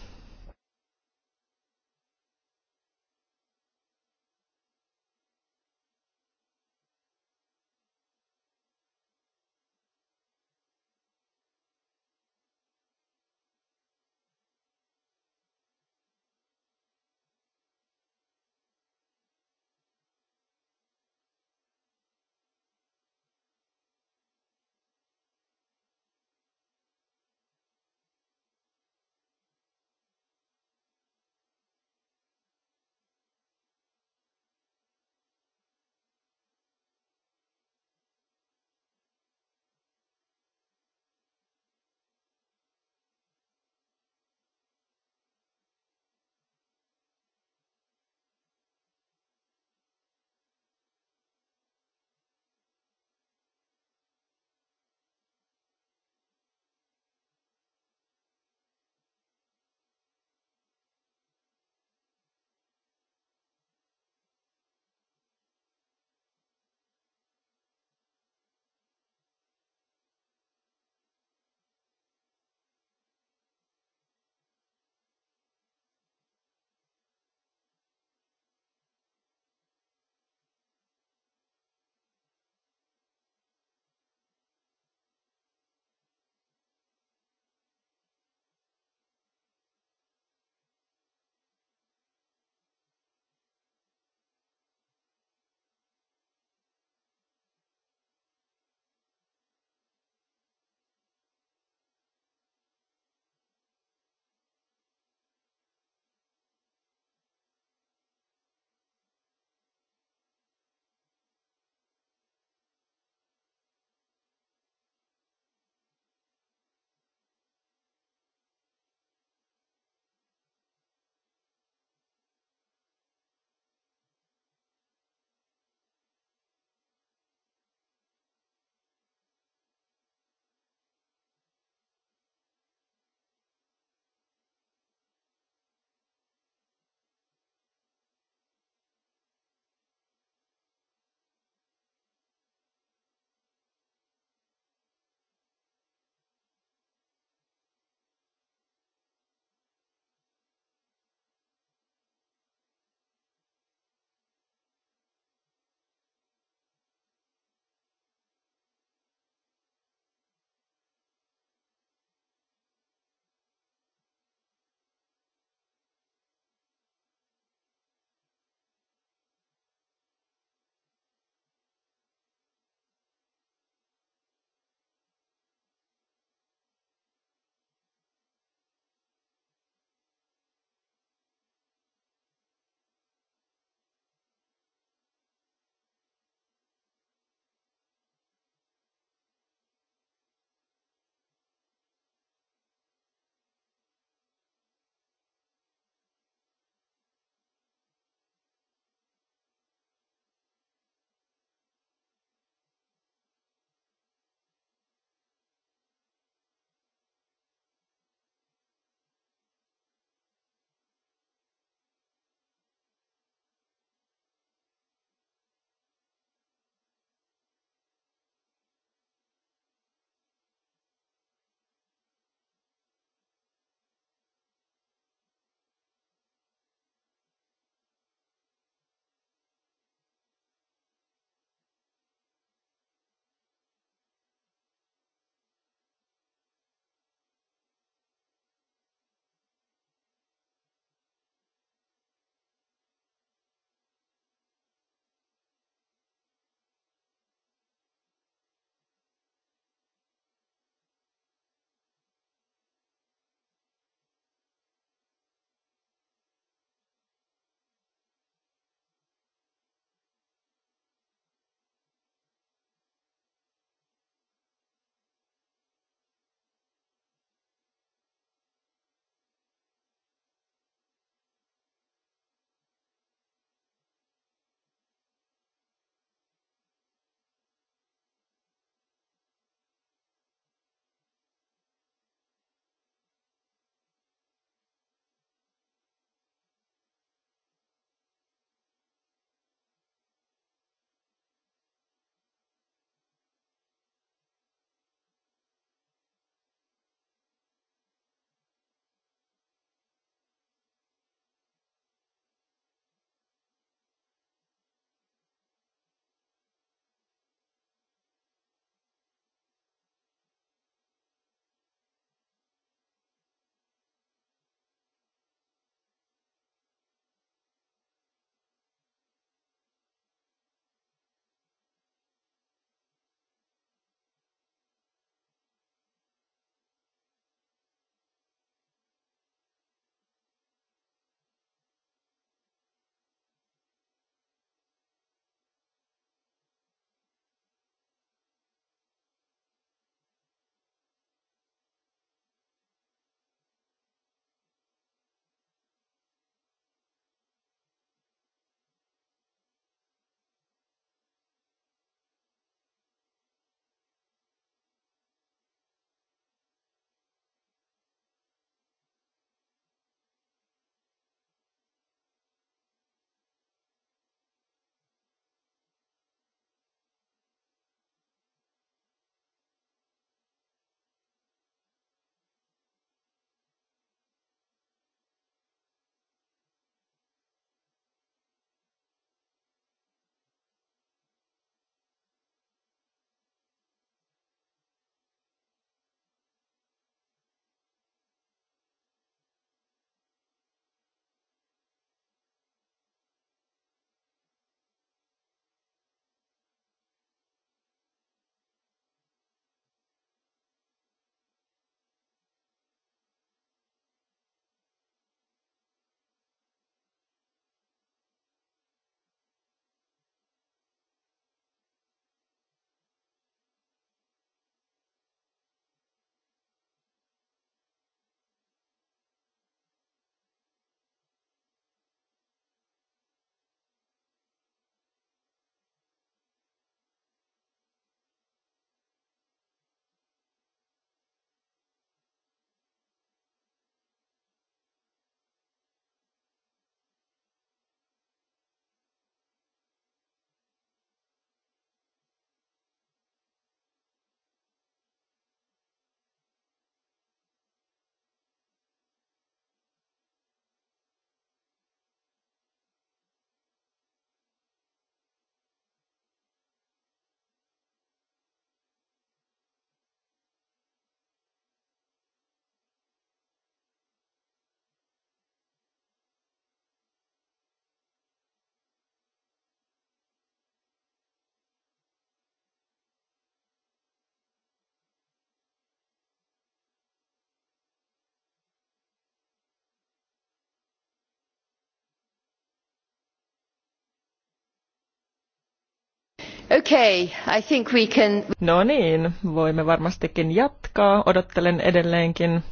No niin, voimme varmastikin jatkaa. Odottelen edelleenkin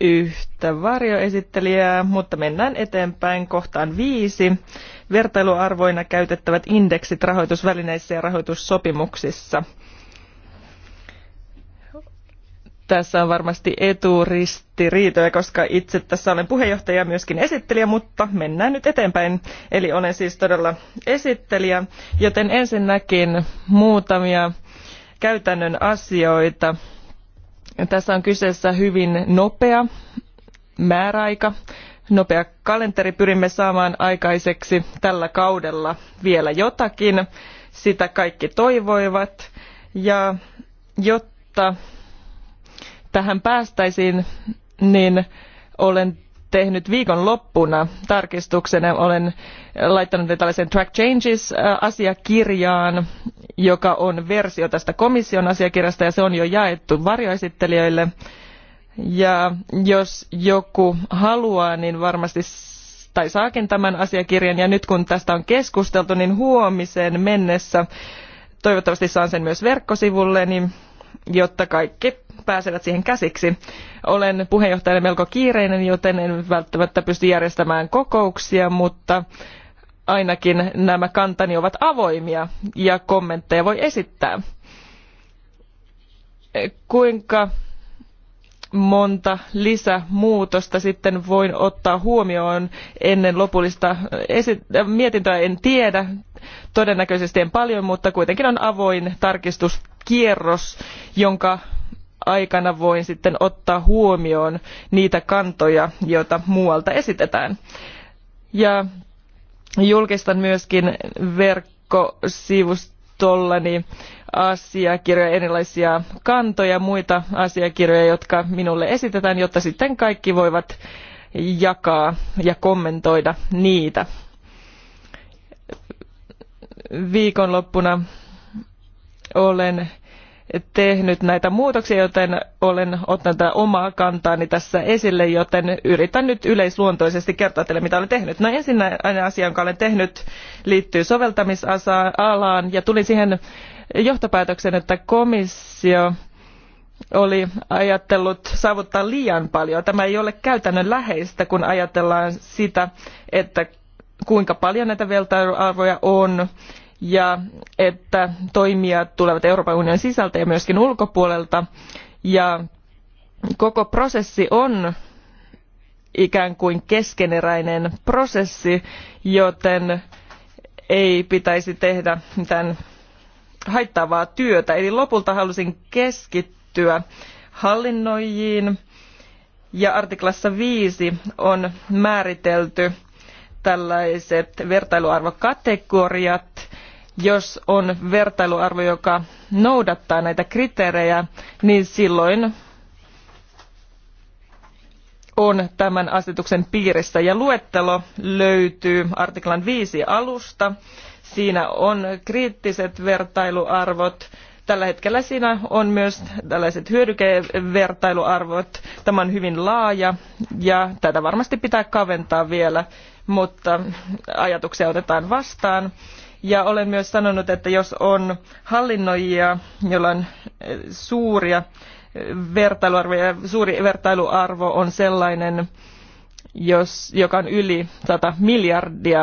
yhtä varjoesittelijää, mutta mennään eteenpäin kohtaan viisi. Vertailuarvoina käytettävät indeksit rahoitusvälineissä ja rahoitussopimuksissa tässä on varmasti eturistiriitoja, koska itse tässä olen puheenjohtaja ja myöskin esittelijä, mutta mennään nyt eteenpäin. Eli olen siis todella esittelijä, joten ensinnäkin muutamia käytännön asioita. Tässä on kyseessä hyvin nopea määräaika, nopea kalenteri. Pyrimme saamaan aikaiseksi tällä kaudella vielä jotakin. Sitä kaikki toivoivat. Ja jotta tähän päästäisiin, niin olen tehnyt viikonloppuna tarkistuksen. Olen laittanut tällaisen track changes asiakirjaan, joka on versio tästä komission asiakirjasta ja se on jo jaettu varjoesittelijöille. Ja jos joku haluaa, niin varmasti tai saakin tämän asiakirjan ja nyt kun tästä on keskusteltu, niin huomiseen mennessä toivottavasti saan sen myös verkkosivulle, niin jotta kaikki pääsevät siihen käsiksi. Olen puheenjohtajana melko kiireinen, joten en välttämättä pysty järjestämään kokouksia, mutta ainakin nämä kantani ovat avoimia ja kommentteja voi esittää. Kuinka monta lisämuutosta sitten voin ottaa huomioon ennen lopullista eh, eh, mietintöä en tiedä todennäköisesti en paljon mutta kuitenkin on avoin tarkistuskierros jonka aikana voin sitten ottaa huomioon niitä kantoja joita muualta esitetään. ja julkistan myöskin verkkosivustolla toimistollani asiakirjoja, erilaisia kantoja, muita asiakirjoja, jotka minulle esitetään, jotta sitten kaikki voivat jakaa ja kommentoida niitä. Viikonloppuna olen tehnyt näitä muutoksia, joten olen ottanut tätä omaa kantaani tässä esille, joten yritän nyt yleisluontoisesti kertoa teille, mitä olen tehnyt. No ensimmäinen asia, jonka olen tehnyt, liittyy soveltamisalaan ja tulin siihen johtopäätöksen, että komissio oli ajatellut saavuttaa liian paljon. Tämä ei ole käytännön läheistä, kun ajatellaan sitä, että kuinka paljon näitä velta-arvoja on ja että toimijat tulevat Euroopan unionin sisältä ja myöskin ulkopuolelta. Ja koko prosessi on ikään kuin keskeneräinen prosessi, joten ei pitäisi tehdä mitään haittaavaa työtä. Eli lopulta halusin keskittyä hallinnoijiin ja artiklassa 5 on määritelty tällaiset vertailuarvokategoriat jos on vertailuarvo, joka noudattaa näitä kriteerejä, niin silloin on tämän asetuksen piirissä. Ja luettelo löytyy artiklan viisi alusta. Siinä on kriittiset vertailuarvot. Tällä hetkellä siinä on myös tällaiset hyödykevertailuarvot. Tämä on hyvin laaja ja tätä varmasti pitää kaventaa vielä, mutta ajatuksia otetaan vastaan ja olen myös sanonut, että jos on hallinnoijia, joilla on eh, suuria eh, vertailuarvoja, suuri vertailuarvo on sellainen, jos, joka on yli 100 miljardia.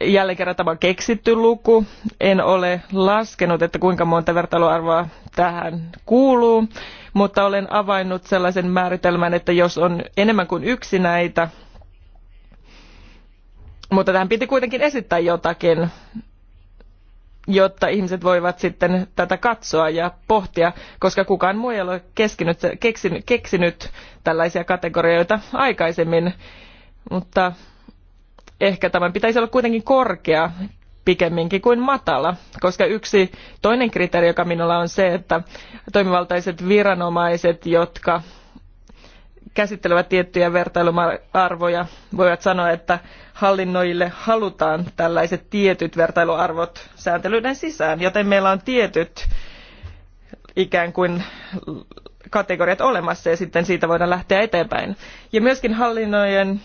Eh, jälleen kerran tämä on keksitty luku. En ole laskenut, että kuinka monta vertailuarvoa tähän kuuluu, mutta olen avainnut sellaisen määritelmän, että jos on enemmän kuin yksi näitä mutta tähän piti kuitenkin esittää jotakin, jotta ihmiset voivat sitten tätä katsoa ja pohtia, koska kukaan muu ei ole keskinyt, keksinyt, keksinyt tällaisia kategorioita aikaisemmin. Mutta ehkä tämän pitäisi olla kuitenkin korkea pikemminkin kuin matala, koska yksi toinen kriteeri, joka minulla on se, että toimivaltaiset viranomaiset, jotka käsittelevät tiettyjä vertailuarvoja voivat sanoa, että hallinnoille halutaan tällaiset tietyt vertailuarvot sääntelyiden sisään, joten meillä on tietyt ikään kuin kategoriat olemassa ja sitten siitä voidaan lähteä eteenpäin. Ja myöskin hallinnojen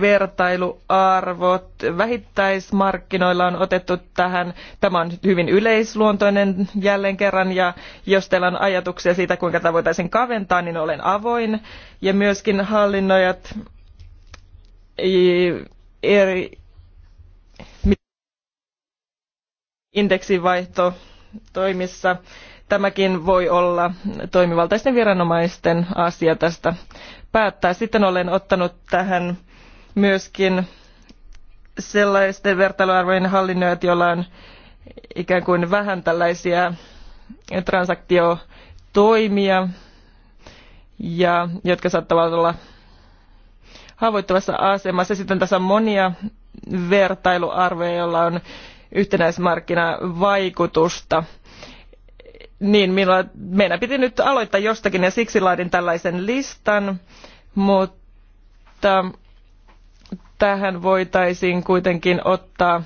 vertailuarvot. Vähittäismarkkinoilla on otettu tähän. Tämä on hyvin yleisluontoinen jälleen kerran ja jos teillä on ajatuksia siitä, kuinka tämä voitaisiin kaventaa, niin olen avoin. Ja myöskin hallinnojat eri indeksivaihto toimissa. Tämäkin voi olla toimivaltaisten viranomaisten asia tästä päättää. Sitten olen ottanut tähän myöskin sellaisten vertailuarvojen hallinnoijat, joilla on ikään kuin vähän tällaisia transaktiotoimia, ja jotka saattavat olla haavoittuvassa asemassa. Sitten tässä on monia vertailuarvoja, joilla on yhtenäismarkkinavaikutusta. Niin, meidän piti nyt aloittaa jostakin ja siksi laadin tällaisen listan, mutta tähän voitaisiin kuitenkin ottaa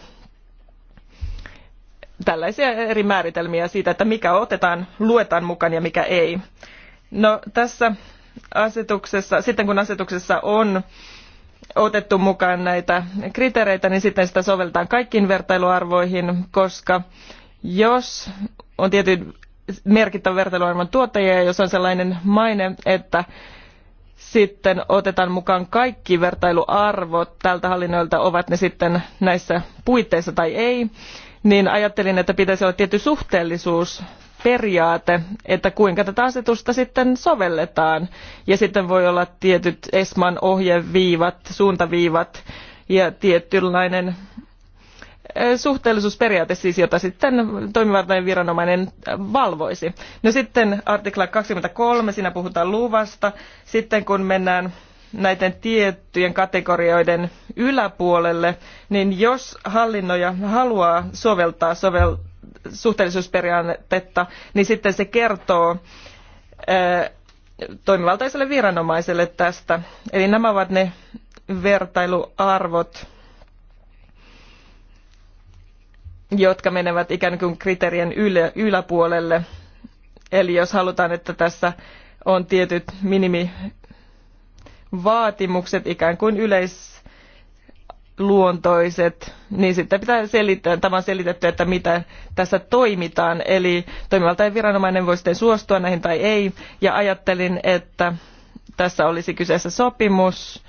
tällaisia eri määritelmiä siitä, että mikä otetaan, luetaan mukaan ja mikä ei. No tässä asetuksessa, sitten kun asetuksessa on otettu mukaan näitä kriteereitä, niin sitten sitä sovelletaan kaikkiin vertailuarvoihin, koska jos on tietyn merkittävä vertailuarvon tuottaja ja jos on sellainen maine, että sitten otetaan mukaan kaikki vertailuarvot tältä hallinnoilta, ovat ne sitten näissä puitteissa tai ei, niin ajattelin, että pitäisi olla tietty suhteellisuus periaate, että kuinka tätä asetusta sitten sovelletaan. Ja sitten voi olla tietyt ESMAn ohjeviivat, suuntaviivat ja tietynlainen suhteellisuusperiaate siis, jota sitten toimivaltainen viranomainen valvoisi. No sitten artikla 23, siinä puhutaan luvasta. Sitten kun mennään näiden tiettyjen kategorioiden yläpuolelle, niin jos hallinnoja haluaa soveltaa sovel- suhteellisuusperiaatetta, niin sitten se kertoo ää, toimivaltaiselle viranomaiselle tästä. Eli nämä ovat ne vertailuarvot jotka menevät ikään kuin kriteerien yläpuolelle. Eli jos halutaan, että tässä on tietyt minimivaatimukset, ikään kuin yleisluontoiset, niin sitten pitää selittää, tämä on selitetty, että mitä tässä toimitaan. Eli ja viranomainen voi sitten suostua näihin tai ei. Ja ajattelin, että tässä olisi kyseessä sopimus,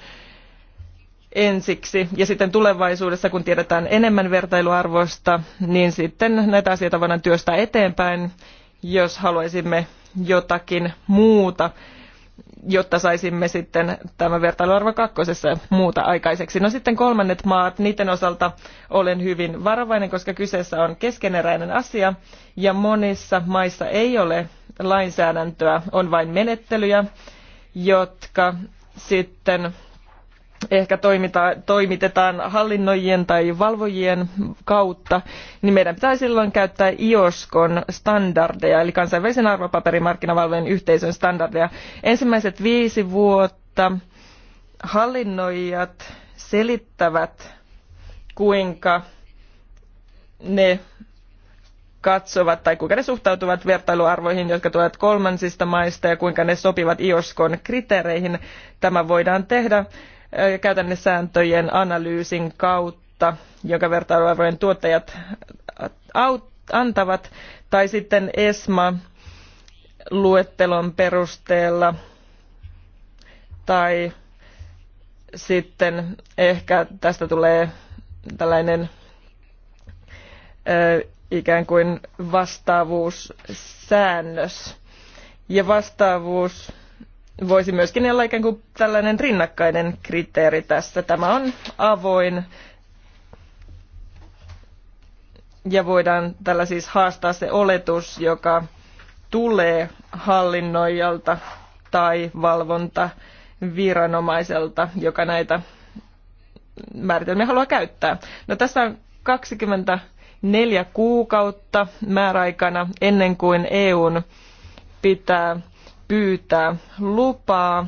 ensiksi ja sitten tulevaisuudessa, kun tiedetään enemmän vertailuarvoista, niin sitten näitä asioita voidaan työstää eteenpäin, jos haluaisimme jotakin muuta, jotta saisimme sitten tämä vertailuarvo kakkosessa muuta aikaiseksi. No sitten kolmannet maat, niiden osalta olen hyvin varovainen, koska kyseessä on keskeneräinen asia ja monissa maissa ei ole lainsäädäntöä, on vain menettelyjä, jotka sitten ehkä toimita, toimitetaan hallinnoijien tai valvojien kautta, niin meidän pitää silloin käyttää IOSKon standardeja, eli kansainvälisen arvopaperimarkkinavalvojen yhteisön standardeja. Ensimmäiset viisi vuotta hallinnoijat selittävät, kuinka ne katsovat tai kuinka ne suhtautuvat vertailuarvoihin, jotka tulevat kolmansista maista ja kuinka ne sopivat IOSKon kriteereihin. Tämä voidaan tehdä käytännesääntöjen analyysin kautta, joka vertailuarvojen tuottajat antavat, tai sitten ESMA luettelon perusteella tai sitten ehkä tästä tulee tällainen ö, ikään kuin vastaavuussäännös. Ja vastaavuus voisi myöskin olla ikään kuin tällainen rinnakkainen kriteeri tässä. Tämä on avoin ja voidaan tällä siis haastaa se oletus, joka tulee hallinnoijalta tai valvonta viranomaiselta joka näitä määritelmiä haluaa käyttää. No tässä on 24 kuukautta määräaikana ennen kuin EUn pitää pyytää lupaa,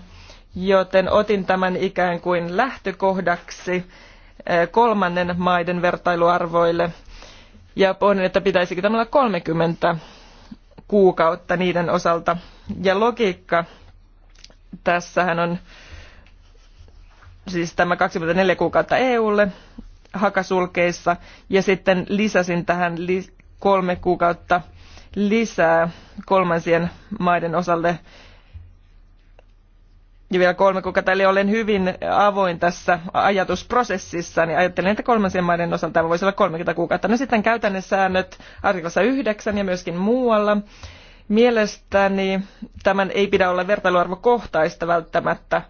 joten otin tämän ikään kuin lähtökohdaksi eh, kolmannen maiden vertailuarvoille ja pohdin, että pitäisikö tämä olla 30 kuukautta niiden osalta. Ja logiikka tässähän on siis tämä 24 kuukautta EUlle hakasulkeissa ja sitten lisäsin tähän kolme kuukautta lisää kolmansien maiden osalle. Ja vielä kolme kuukautta, eli olen hyvin avoin tässä ajatusprosessissa, niin ajattelin, että kolmansien maiden osalta tämä voisi olla 30 kuukautta. No sitten käytännön säännöt artiklassa 9 ja myöskin muualla. Mielestäni tämän ei pidä olla vertailuarvokohtaista välttämättä.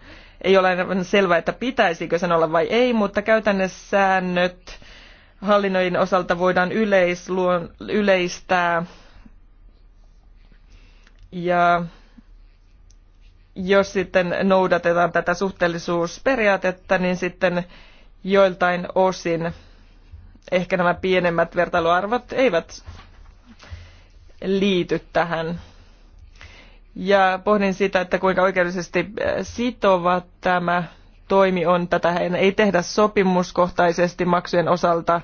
Ei ole aivan selvää, että pitäisikö sen olla vai ei, mutta käytännön säännöt hallinnoin osalta voidaan yleisluon, yleistää ja jos sitten noudatetaan tätä suhteellisuusperiaatetta, niin sitten joiltain osin ehkä nämä pienemmät vertailuarvot eivät liity tähän. Ja pohdin sitä, että kuinka oikeudellisesti äh, sitova tämä toimi on. Tätä ei tehdä sopimuskohtaisesti maksujen osalta,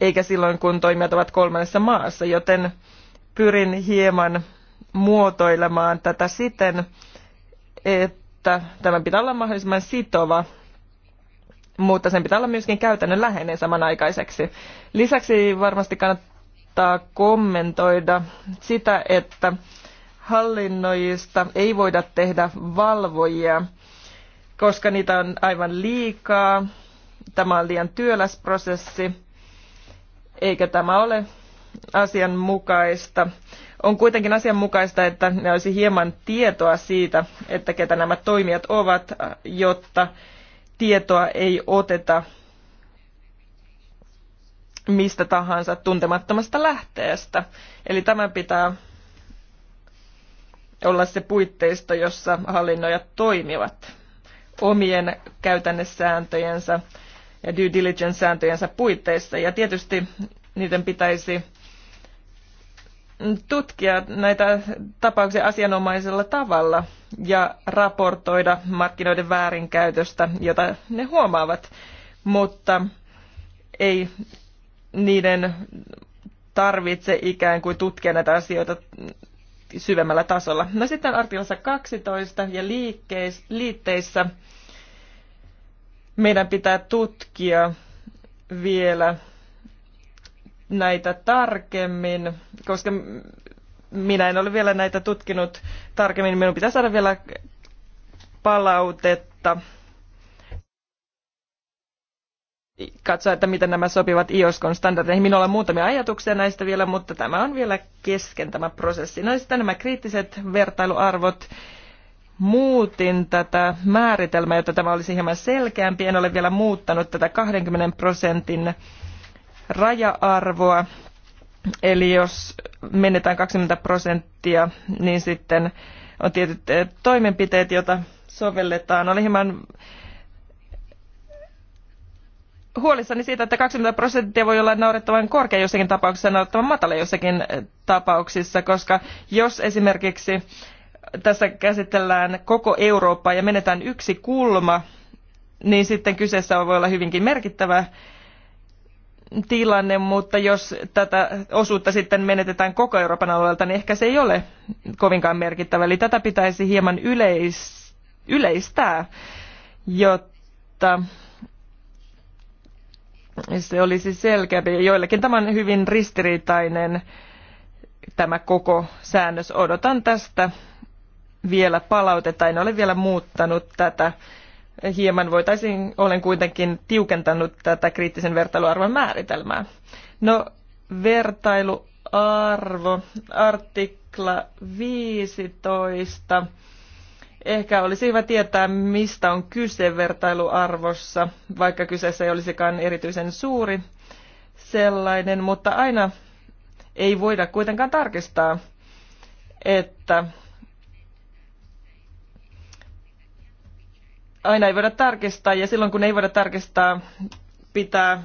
eikä silloin kun toimijat ovat kolmannessa maassa, joten pyrin hieman muotoilemaan tätä siten, että tämän pitää olla mahdollisimman sitova, mutta sen pitää olla myöskin käytännön läheinen samanaikaiseksi. Lisäksi varmasti kannattaa kommentoida sitä, että hallinnoijista ei voida tehdä valvojia, koska niitä on aivan liikaa. Tämä on liian työläs prosessi, eikä tämä ole asianmukaista. On kuitenkin asianmukaista, että ne olisi hieman tietoa siitä, että ketä nämä toimijat ovat, jotta tietoa ei oteta mistä tahansa tuntemattomasta lähteestä. Eli tämä pitää olla se puitteisto, jossa hallinnoijat toimivat omien käytännesääntöjensä ja due diligence-sääntöjensä puitteissa. Ja tietysti niiden pitäisi tutkia näitä tapauksia asianomaisella tavalla ja raportoida markkinoiden väärinkäytöstä, jota ne huomaavat, mutta ei niiden tarvitse ikään kuin tutkia näitä asioita syvemmällä tasolla. No sitten artiklassa 12 ja liikkeis, liitteissä meidän pitää tutkia vielä näitä tarkemmin, koska minä en ole vielä näitä tutkinut tarkemmin. Minun pitää saada vielä palautetta. Katsoa, että miten nämä sopivat IOSKon standardeihin. Minulla on muutamia ajatuksia näistä vielä, mutta tämä on vielä kesken tämä prosessi. No sitten nämä kriittiset vertailuarvot. Muutin tätä määritelmää, jotta tämä olisi hieman selkeämpi. En ole vielä muuttanut tätä 20 prosentin raja-arvoa. Eli jos menetään 20 prosenttia, niin sitten on tietyt eh, toimenpiteet, joita sovelletaan. Olen hieman huolissani siitä, että 20 prosenttia voi olla naurettavan korkea jossakin tapauksessa ja naurettavan matala jossakin eh, tapauksissa, koska jos esimerkiksi tässä käsitellään koko Eurooppaa ja menetään yksi kulma, niin sitten kyseessä voi olla hyvinkin merkittävä tilanne, mutta jos tätä osuutta sitten menetetään koko Euroopan alueelta, niin ehkä se ei ole kovinkaan merkittävä. Eli tätä pitäisi hieman yleis, yleistää, jotta se olisi selkeämpi. Joillekin tämä on hyvin ristiriitainen tämä koko säännös. Odotan tästä vielä palautetta. En ole vielä muuttanut tätä hieman voitaisiin, olen kuitenkin tiukentanut tätä kriittisen vertailuarvon määritelmää. No, vertailuarvo, artikla 15. Ehkä olisi hyvä tietää, mistä on kyse vertailuarvossa, vaikka kyseessä ei olisikaan erityisen suuri sellainen, mutta aina ei voida kuitenkaan tarkistaa, että aina ei voida tarkistaa ja silloin kun ei voida tarkistaa, pitää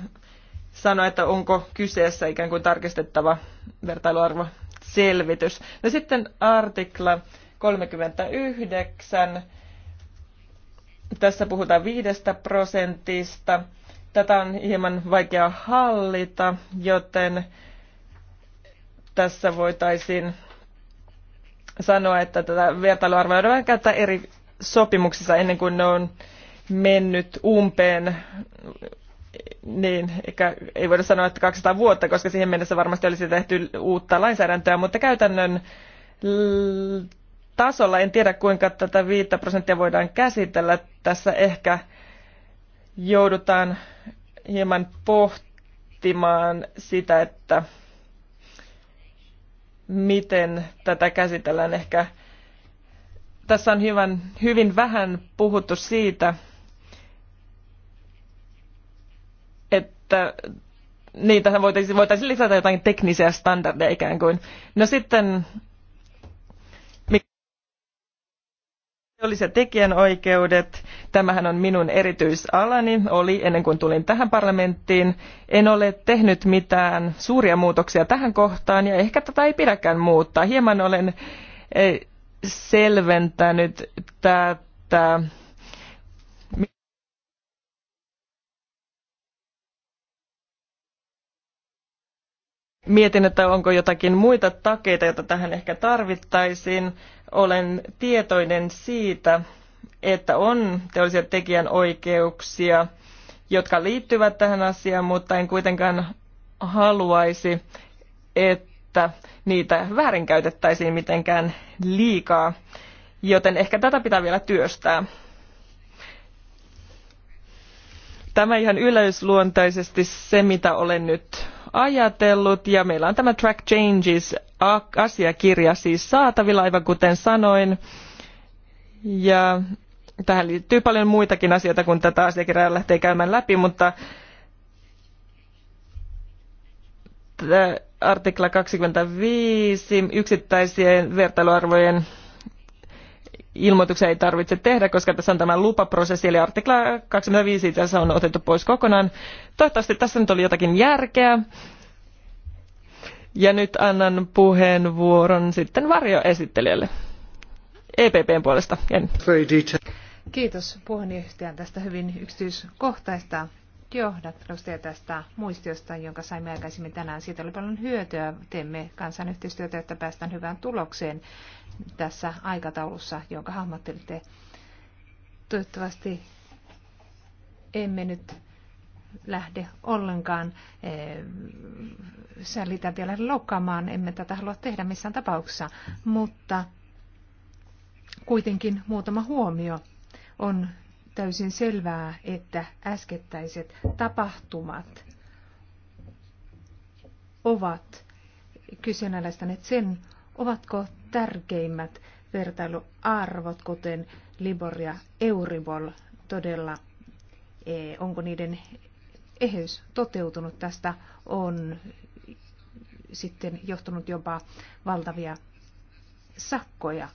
sanoa, että onko kyseessä ikään kuin tarkistettava vertailuarvo selvitys. No sitten artikla 39. Tässä puhutaan viidestä prosentista. Tätä on hieman vaikea hallita, joten tässä voitaisiin sanoa, että tätä vertailuarvoa voidaan käyttää eri sopimuksissa ennen kuin ne on mennyt umpeen, niin eikä, ei voida sanoa, että 200 vuotta, koska siihen mennessä varmasti olisi tehty uutta lainsäädäntöä, mutta käytännön tasolla en tiedä, kuinka tätä 5 prosenttia voidaan käsitellä. Tässä ehkä joudutaan hieman pohtimaan sitä, että miten tätä käsitellään ehkä tässä on hyvän, hyvin vähän puhuttu siitä, että niitä voitaisiin, voitaisiin lisätä jotain teknisiä standardeja ikään kuin. No sitten oli se tekijänoikeudet. Tämähän on minun erityisalani, oli ennen kuin tulin tähän parlamenttiin. En ole tehnyt mitään suuria muutoksia tähän kohtaan ja ehkä tätä ei pidäkään muuttaa. Hieman olen eh, selventänyt tätä Mietin, että onko jotakin muita takeita, joita tähän ehkä tarvittaisiin. Olen tietoinen siitä, että on teollisia tekijänoikeuksia, jotka liittyvät tähän asiaan, mutta en kuitenkaan haluaisi, että että niitä väärinkäytettäisiin mitenkään liikaa, joten ehkä tätä pitää vielä työstää. Tämä ihan yleisluontaisesti se, mitä olen nyt ajatellut, ja meillä on tämä Track Changes-asiakirja siis saatavilla, aivan kuten sanoin, ja tähän liittyy paljon muitakin asioita, kun tätä asiakirjaa lähtee käymään läpi, mutta artikla 25 yksittäisien vertailuarvojen ilmoituksia ei tarvitse tehdä, koska tässä on tämä lupaprosessi, eli artikla 25 itse asiassa on otettu pois kokonaan. Toivottavasti tässä nyt oli jotakin järkeä. Ja nyt annan puheenvuoron sitten varjoesittelijälle EPPn puolesta. Jenny. Kiitos puheenjohtajan tästä hyvin yksityiskohtaista johdattelusta tästä muistiosta, jonka saimme aikaisemmin tänään. Siitä oli paljon hyötyä. Teemme kansanyhteistyötä, yhteistyötä, päästään hyvään tulokseen tässä aikataulussa, jonka hahmottelitte. Toivottavasti emme nyt lähde ollenkaan eh, sällitä vielä loukkaamaan. Emme tätä halua tehdä missään tapauksessa, mutta kuitenkin muutama huomio on täysin selvää, että äskettäiset tapahtumat ovat kyseenalaistaneet sen, ovatko tärkeimmät vertailuarvot, kuten Libor ja Euribor, todella, eh, onko niiden eheys toteutunut. Tästä on sitten johtunut jopa valtavia sakkoja.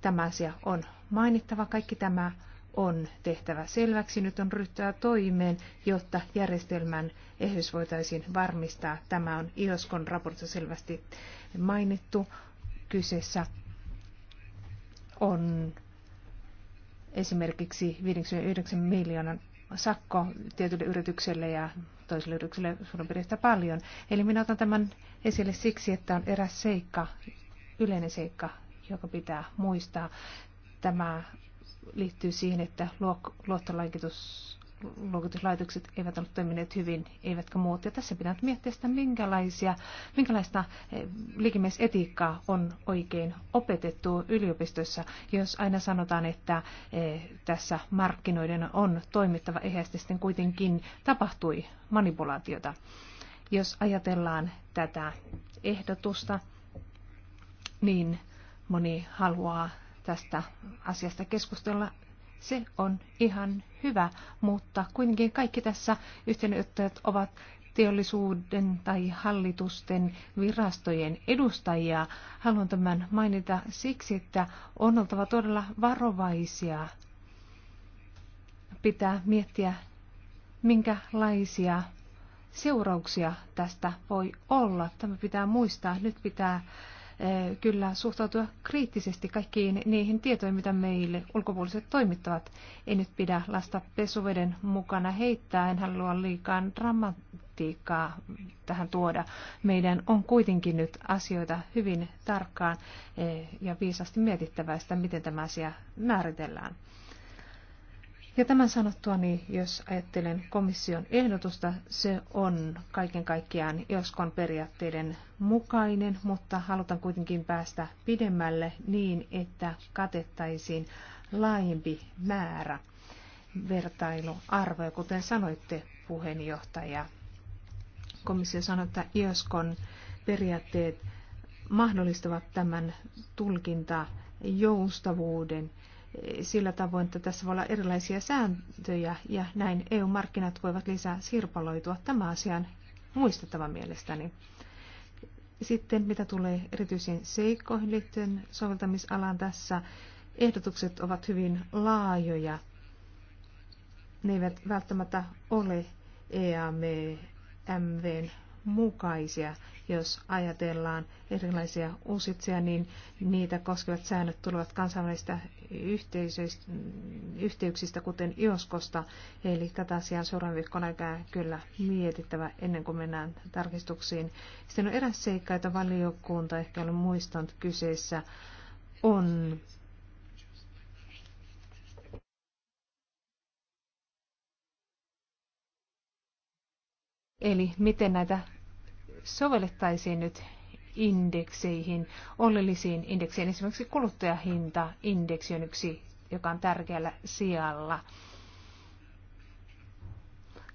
Tämä asia on mainittava. Kaikki tämä on tehtävä selväksi. Nyt on ryhtyä toimeen, jotta järjestelmän ehdotus voitaisiin varmistaa. Tämä on IOSKon raportissa selvästi mainittu. Kyseessä on esimerkiksi 59 miljoonan sakko tietylle yritykselle ja toiselle yritykselle suurin paljon. Eli minä otan tämän esille siksi, että on eräs seikka, yleinen seikka, joka pitää muistaa. Tämä liittyy siihen, että luottolaitokset eivät ole toimineet hyvin, eivätkä muut. Ja tässä pitää miettiä sitä, minkälaisia, minkälaista eh, liikemiesetiikkaa on oikein opetettu yliopistossa, jos aina sanotaan, että eh, tässä markkinoiden on toimittava, eihän sitten kuitenkin tapahtui manipulaatiota. Jos ajatellaan tätä ehdotusta, niin moni haluaa tästä asiasta keskustella. Se on ihan hyvä, mutta kuitenkin kaikki tässä yhteydenottajat ovat teollisuuden tai hallitusten virastojen edustajia. Haluan tämän mainita siksi, että on oltava todella varovaisia. Pitää miettiä, minkälaisia seurauksia tästä voi olla. Tämä pitää muistaa. Nyt pitää Eh, kyllä suhtautua kriittisesti kaikkiin niihin tietoihin, mitä meille ulkopuoliset toimittavat. Ei nyt pidä lasta pesuveden mukana heittää, en halua liikaa dramatiikkaa tähän tuoda. Meidän on kuitenkin nyt asioita hyvin tarkkaan eh, ja viisasti mietittävä sitä, miten tämä asia määritellään. Ja tämän sanottua, niin jos ajattelen komission ehdotusta, se on kaiken kaikkiaan joskon periaatteiden mukainen, mutta halutaan kuitenkin päästä pidemmälle niin, että katettaisiin laajempi määrä vertailuarvoja, kuten sanoitte puheenjohtaja. Komissio sanoi, että IOSKon periaatteet mahdollistavat tämän tulkinta joustavuuden sillä tavoin, että tässä voi olla erilaisia sääntöjä ja näin EU-markkinat voivat lisää sirpaloitua. Tämä asian muistettava mielestäni. Sitten mitä tulee erityisiin seikkoihin liittyen soveltamisalaan tässä, ehdotukset ovat hyvin laajoja. Ne eivät välttämättä ole EAMVn mukaisia. Jos ajatellaan erilaisia uusitsia, niin niitä koskevat säännöt tulevat kansainvälisistä yhteyksistä, kuten IOSKosta. Eli tätä asiaa seuraavan viikon aikaa kyllä mietittävä ennen kuin mennään tarkistuksiin. Sitten on eräs seikka, jota valiokunta ehkä on muistanut kyseessä, on Eli miten näitä sovellettaisiin nyt indekseihin, oleellisiin indekseihin. Esimerkiksi indeksi on yksi, joka on tärkeällä sijalla,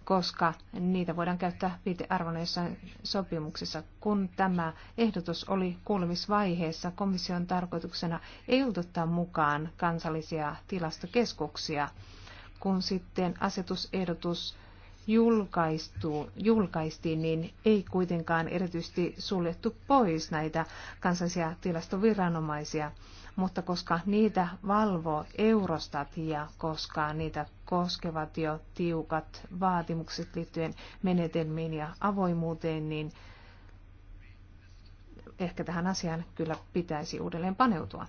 koska niitä voidaan käyttää viitearvona jossain sopimuksessa. Kun tämä ehdotus oli kuulemisvaiheessa, komission tarkoituksena ei ottaa mukaan kansallisia tilastokeskuksia, kun sitten asetusehdotus julkaistu, julkaistiin, niin ei kuitenkaan erityisesti suljettu pois näitä kansallisia tilastoviranomaisia, mutta koska niitä valvoo Eurostat ja koska niitä koskevat jo tiukat vaatimukset liittyen menetelmiin ja avoimuuteen, niin ehkä tähän asiaan kyllä pitäisi uudelleen paneutua.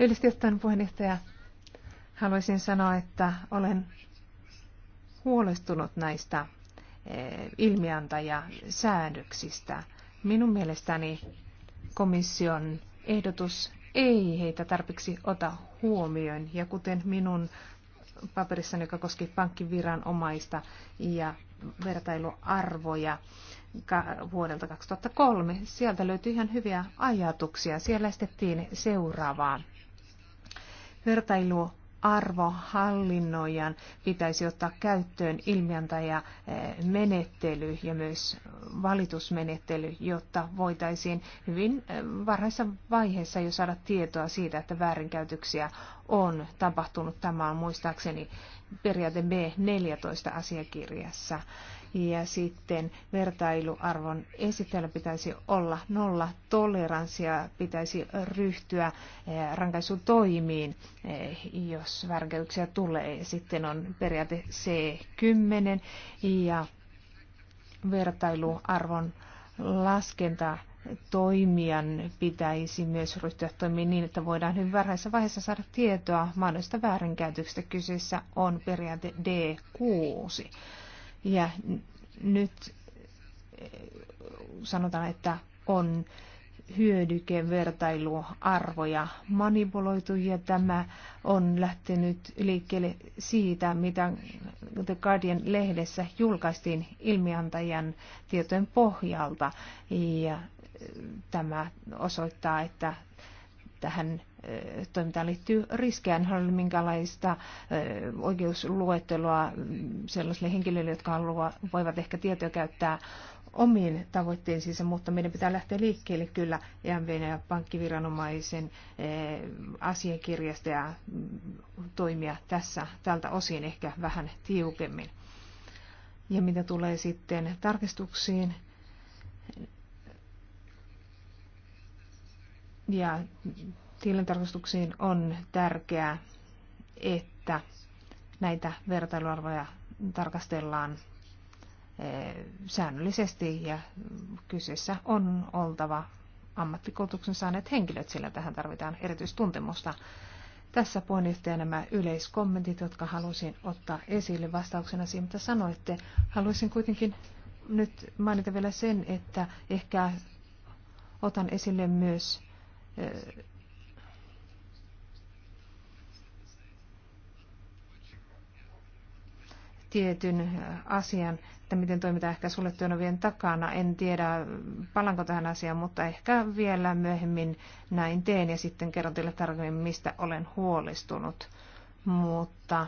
Yleisesti ottaen puheenjohtaja, haluaisin sanoa, että olen huolestunut näistä eh, ilmiantajasäädöksistä. Minun mielestäni komission ehdotus ei heitä tarpeeksi ota huomioon. Ja kuten minun paperissani, joka koski pankkiviranomaista ja vertailuarvoja vuodelta 2003, sieltä löytyi ihan hyviä ajatuksia. Siellä estettiin seuraavaa vertailuarvohallinnoijan pitäisi ottaa käyttöön ilmiantajamenettely eh, ja myös valitusmenettely, jotta voitaisiin hyvin eh, varhaisessa vaiheessa jo saada tietoa siitä, että väärinkäytöksiä on tapahtunut. Tämä on muistaakseni periaate B14-asiakirjassa ja sitten vertailuarvon esittäjällä pitäisi olla nolla toleranssia, pitäisi ryhtyä eh, rankaisutoimiin, eh, jos värkäyksiä tulee. Sitten on periaate C10 ja vertailuarvon laskenta toimijan pitäisi myös ryhtyä toimiin niin, että voidaan hyvin varhaisessa vaiheessa saada tietoa mahdollisesta väärinkäytöksestä. Kyseessä on periaate D6. Ja nyt sanotaan, että on hyödykevertailuarvoja manipuloitu ja tämä on lähtenyt liikkeelle siitä, mitä The Guardian-lehdessä julkaistiin ilmiantajan tietojen pohjalta ja tämä osoittaa, että tähän toimintaan liittyy riskejä. En halua minkälaista oikeusluetteloa mm, sellaisille henkilöille, jotka haluaa, voivat ehkä tietoja käyttää omiin tavoitteisiinsa, mutta meidän pitää lähteä liikkeelle kyllä EMVn ja pankkiviranomaisen asiakirjasta ja mm, toimia tässä tältä osin ehkä vähän tiukemmin. Ja mitä tulee sitten tarkistuksiin ja mm, tilintarkastuksiin on tärkeää, että näitä vertailuarvoja tarkastellaan eh, säännöllisesti ja kyseessä on oltava ammattikoulutuksen saaneet henkilöt, sillä tähän tarvitaan erityistuntemusta. Tässä puheenjohtaja nämä yleiskommentit, jotka halusin ottaa esille vastauksena siihen, mitä sanoitte. Haluaisin kuitenkin nyt mainita vielä sen, että ehkä otan esille myös eh, tietyn asian, että miten toimitaan ehkä suljettujen ovien takana. En tiedä, palanko tähän asiaan, mutta ehkä vielä myöhemmin näin teen ja sitten kerron teille tarkemmin, mistä olen huolestunut. Mutta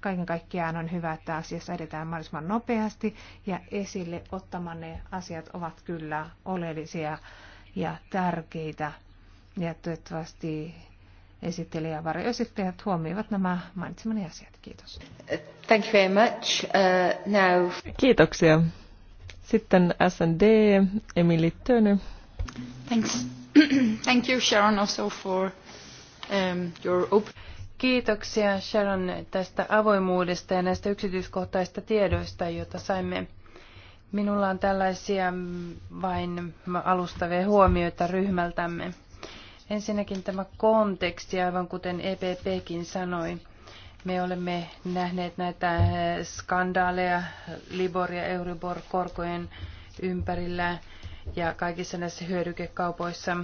kaiken kaikkiaan on hyvä, että asiassa edetään mahdollisimman nopeasti ja esille ottamanne asiat ovat kyllä oleellisia ja tärkeitä. Ja toivottavasti esittelijä ja varjoesittelijät huomioivat nämä mainitsemani asiat. Kiitos. Thank you very much. Uh, now... Kiitoksia. Sitten S&D, Emily Töny. Thanks. Thank you Sharon also for um, your open... Kiitoksia Sharon tästä avoimuudesta ja näistä yksityiskohtaisista tiedoista, joita saimme. Minulla on tällaisia mm, vain alustavia huomioita ryhmältämme. Ensinnäkin tämä konteksti, aivan kuten EPPkin sanoi. Me olemme nähneet näitä eh, skandaaleja Libor ja Euribor korkojen ympärillä ja kaikissa näissä hyödykekaupoissa.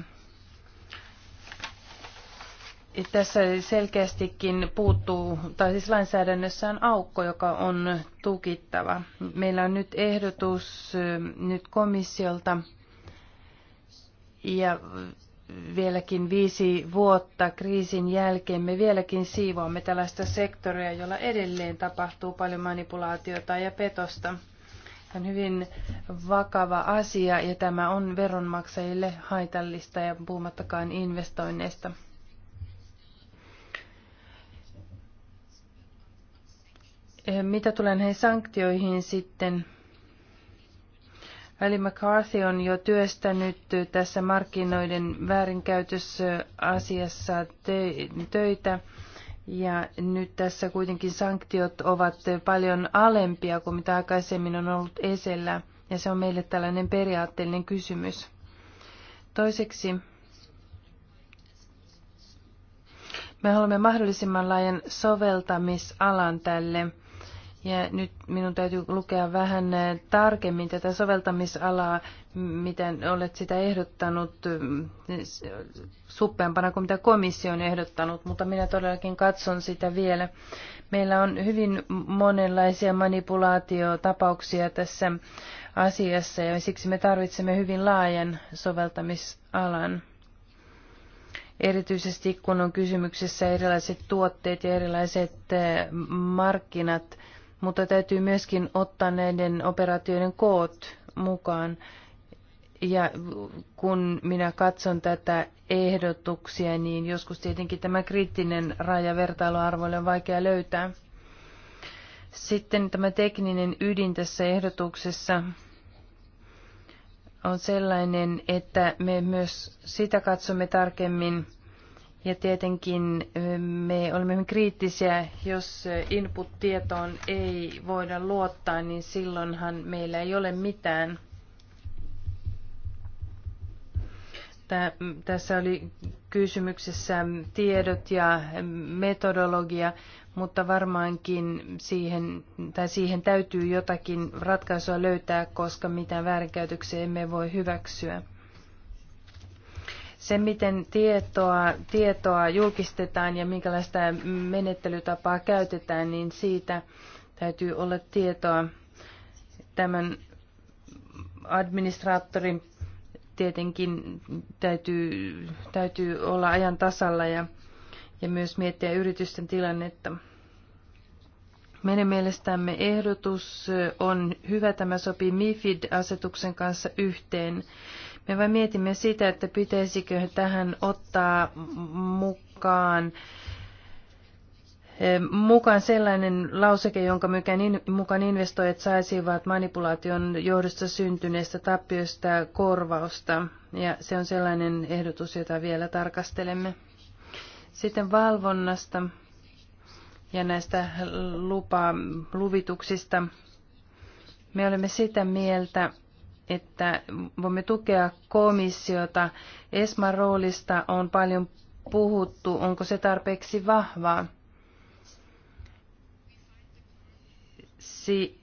Tässä selkeästikin puuttuu, tai siis lainsäädännössä on aukko, joka on tukittava. Meillä on nyt ehdotus eh, nyt komissiolta ja vieläkin viisi vuotta kriisin jälkeen me vieläkin siivoamme tällaista sektoria, jolla edelleen tapahtuu paljon manipulaatiota ja petosta. Tämä on hyvin vakava asia ja tämä on veronmaksajille haitallista ja puhumattakaan investoinneista. Eh, mitä tulee näihin sanktioihin sitten, Ali McCarthy on jo työstänyt tässä markkinoiden väärinkäytösasiassa töitä. Ja nyt tässä kuitenkin sanktiot ovat paljon alempia kuin mitä aikaisemmin on ollut esillä. Ja se on meille tällainen periaatteellinen kysymys. Toiseksi me haluamme mahdollisimman laajan soveltamisalan tälle ja nyt minun täytyy lukea vähän tarkemmin tätä soveltamisalaa, miten olet sitä ehdottanut suppeampana kuin mitä komissio on ehdottanut, mutta minä todellakin katson sitä vielä. Meillä on hyvin monenlaisia manipulaatiotapauksia tässä asiassa ja siksi me tarvitsemme hyvin laajan soveltamisalan. Erityisesti kun on kysymyksessä erilaiset tuotteet ja erilaiset markkinat, mutta täytyy myöskin ottaa näiden operaatioiden koot mukaan. Ja kun minä katson tätä ehdotuksia, niin joskus tietenkin tämä kriittinen raja vertailuarvoille on vaikea löytää. Sitten tämä tekninen ydin tässä ehdotuksessa on sellainen, että me myös sitä katsomme tarkemmin – ja tietenkin me olemme hyvin kriittisiä, jos input-tietoon ei voida luottaa, niin silloinhan meillä ei ole mitään. Tässä oli kysymyksessä tiedot ja metodologia, mutta varmaankin siihen, tai siihen täytyy jotakin ratkaisua löytää, koska mitään väärinkäytöksiä emme voi hyväksyä. Se, miten tietoa, tietoa julkistetaan ja minkälaista menettelytapaa käytetään, niin siitä täytyy olla tietoa tämän administraattorin tietenkin täytyy, täytyy olla ajan tasalla ja, ja myös miettiä yritysten tilannetta. Meidän mielestämme ehdotus on hyvä, tämä sopii MIFID-asetuksen kanssa yhteen. Me vain mietimme sitä, että pitäisikö tähän ottaa mukaan eh, mukaan sellainen lauseke, jonka mukaan investoijat saisivat manipulaation johdosta syntyneestä tappiosta korvausta. Ja se on sellainen ehdotus, jota vielä tarkastelemme. Sitten valvonnasta ja näistä lupa, luvituksista. Me olemme sitä mieltä, että voimme tukea komissiota. ESMAn roolista on paljon puhuttu. Onko se tarpeeksi vahvaa? Si-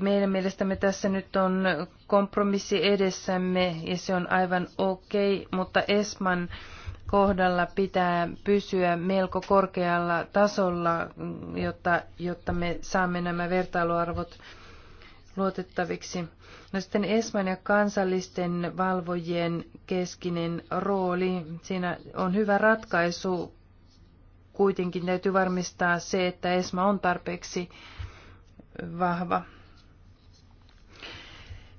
meidän mielestämme tässä nyt on kompromissi edessämme ja se on aivan okei, okay, mutta ESMAn kohdalla pitää pysyä melko korkealla tasolla, jotta, jotta me saamme nämä vertailuarvot luotettaviksi. No sitten ESMAn ja kansallisten valvojien keskinen rooli. Siinä on hyvä ratkaisu. Kuitenkin täytyy varmistaa se, että ESMA on tarpeeksi vahva.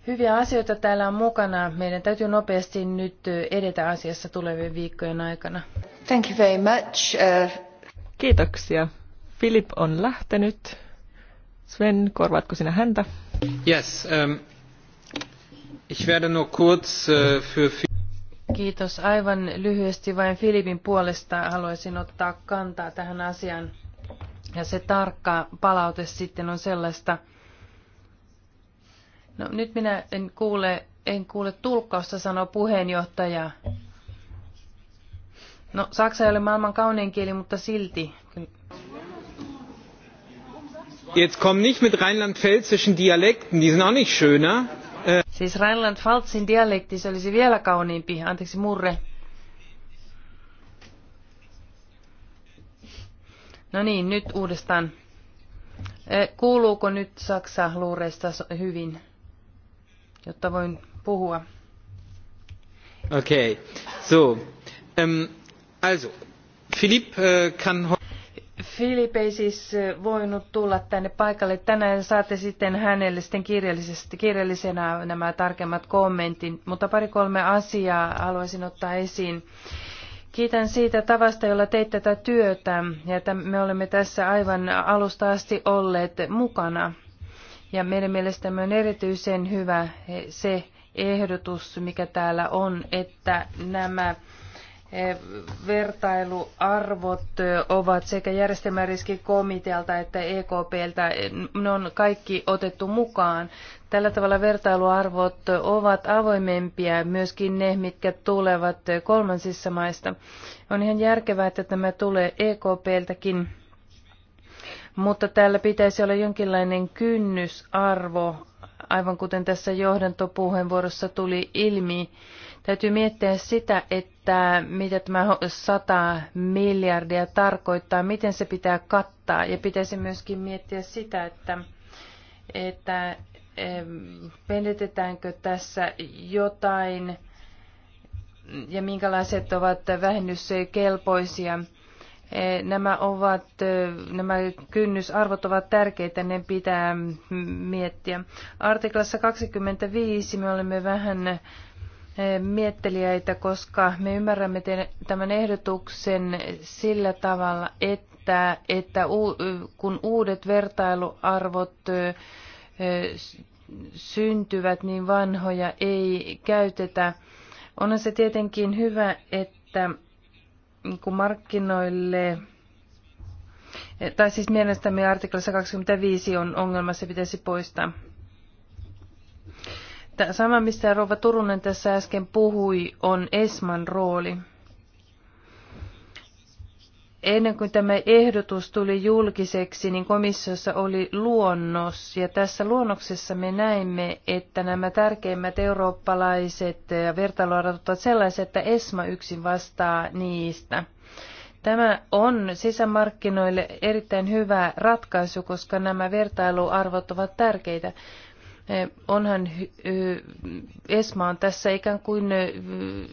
Hyviä asioita täällä on mukana. Meidän täytyy nopeasti nyt edetä asiassa tulevien viikkojen aikana. Thank you very much. Uh... Kiitoksia. Filip on lähtenyt. Sven, korvaatko sinä häntä? Yes, um, ich werde nur kurz uh, für... Kiitos. Aivan lyhyesti vain Filipin puolesta haluaisin ottaa kantaa tähän asiaan. Ja se tarkka palaute sitten on sellaista. No nyt minä en kuule, en kuule tulkkausta, sanoo puheenjohtaja. No, saksa ei ole maailman kaunein kieli, mutta silti Jetzt komm nicht mit rheinland-pfälzischen Dialekten, die sind auch nicht schöner. Äh, siis Rheinland-Pfalzin dialekti, se olisi vielä kauniimpi. Anteeksi murre. No niin, nyt uudestaan. Kuuluuko nyt Saksa luureista hyvin, jotta voin puhua? Okei, okay. so. Ähm, also, Philipp äh, kann Filip ei siis voinut tulla tänne paikalle. Tänään saatte sitten hänelle sitten kirjallisena nämä tarkemmat kommentit, mutta pari-kolme asiaa haluaisin ottaa esiin. Kiitän siitä tavasta, jolla teit tätä työtä ja että me olemme tässä aivan alusta asti olleet mukana. Ja meidän mielestämme on erityisen hyvä se ehdotus, mikä täällä on, että nämä Eh, vertailuarvot eh, ovat sekä järjestelmäriskikomitealta että EKPltä, eh, ne on kaikki otettu mukaan. Tällä tavalla vertailuarvot ovat avoimempia, myöskin ne, mitkä tulevat kolmansissa maista. On ihan järkevää, että tämä tulee EKPltäkin, mutta täällä pitäisi olla jonkinlainen kynnysarvo aivan kuten tässä johdantopuheenvuorossa tuli ilmi, täytyy miettiä sitä, että mitä tämä 100 miljardia tarkoittaa, miten se pitää kattaa. Ja pitäisi myöskin miettiä sitä, että, että menetetäänkö tässä jotain ja minkälaiset ovat vähennyskelpoisia Eh, nämä, ovat, eh, nämä kynnysarvot ovat tärkeitä, ne pitää miettiä. Artiklassa 25 me olemme vähän eh, mietteliäitä, koska me ymmärrämme tämän ehdotuksen sillä tavalla, että, että kun uudet vertailuarvot syntyvät, niin vanhoja ei käytetä. Onhan se tietenkin hyvä, että kun niinku markkinoille, tai siis mielestäni artiklassa 25 on ongelma, se pitäisi poistaa. Tämä sama, mistä Rova Turunen tässä äsken puhui, on Esman rooli ennen kuin tämä ehdotus tuli julkiseksi, niin komissiossa oli luonnos, ja tässä luonnoksessa me näimme, että nämä tärkeimmät eurooppalaiset vertailuarvot ovat sellaisia, että ESMA yksin vastaa niistä. Tämä on sisämarkkinoille erittäin hyvä ratkaisu, koska nämä vertailuarvot ovat tärkeitä. Onhan ESMA on tässä ikään kuin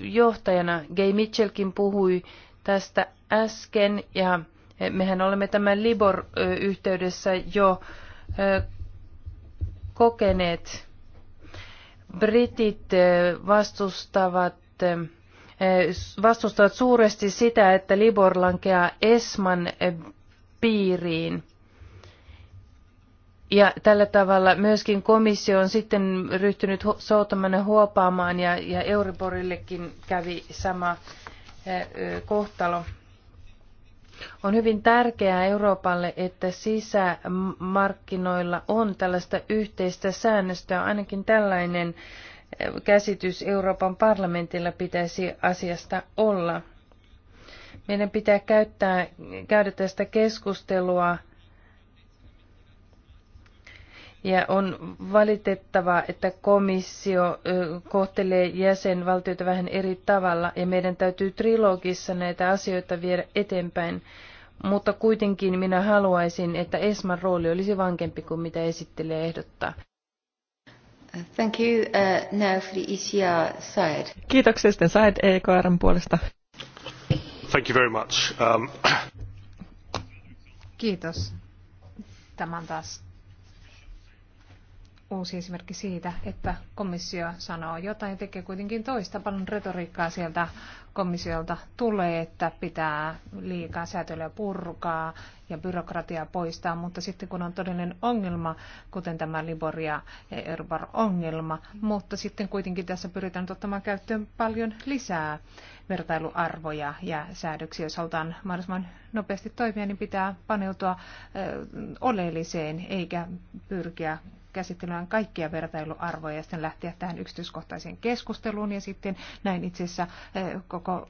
johtajana. Gay Mitchellkin puhui tästä äsken ja mehän olemme tämän Libor-yhteydessä jo kokeneet. Britit vastustavat vastustavat suuresti sitä, että Libor lankeaa Esman piiriin. Ja tällä tavalla myöskin komissio on sitten ryhtynyt soutamaan huopaamaan ja, ja Euriborillekin kävi sama kohtalo. On hyvin tärkeää Euroopalle, että sisämarkkinoilla on tällaista yhteistä säännöstöä. Ainakin tällainen eh, käsitys Euroopan parlamentilla pitäisi asiasta olla. Meidän pitää käyttää, käydä tästä keskustelua ja on valitettavaa, että komissio kohtelee jäsenvaltioita vähän eri tavalla ja meidän täytyy trilogissa näitä asioita viedä eteenpäin. Mutta kuitenkin minä haluaisin, että ESMAn rooli olisi vankempi kuin mitä esittelee ehdottaa. Thank you. Uh, now for the ECR side. Kiitoksia sitten Said EKRn puolesta. Thank you very much. Um... Kiitos. Tämä on taas uusi esimerkki siitä, että komissio sanoo jotain ja tekee kuitenkin toista. Paljon retoriikkaa sieltä komissiolta tulee, että pitää liikaa säätelyä purkaa ja byrokratiaa poistaa, mutta sitten kun on todellinen ongelma, kuten tämä Libor ja erbar ongelma, mutta sitten kuitenkin tässä pyritään ottamaan käyttöön paljon lisää vertailuarvoja ja säädöksiä. Jos halutaan mahdollisimman nopeasti toimia, niin pitää paneutua oleelliseen eikä pyrkiä käsittelemään kaikkia vertailuarvoja ja sitten lähteä tähän yksityiskohtaiseen keskusteluun ja sitten näin itse asiassa eh, koko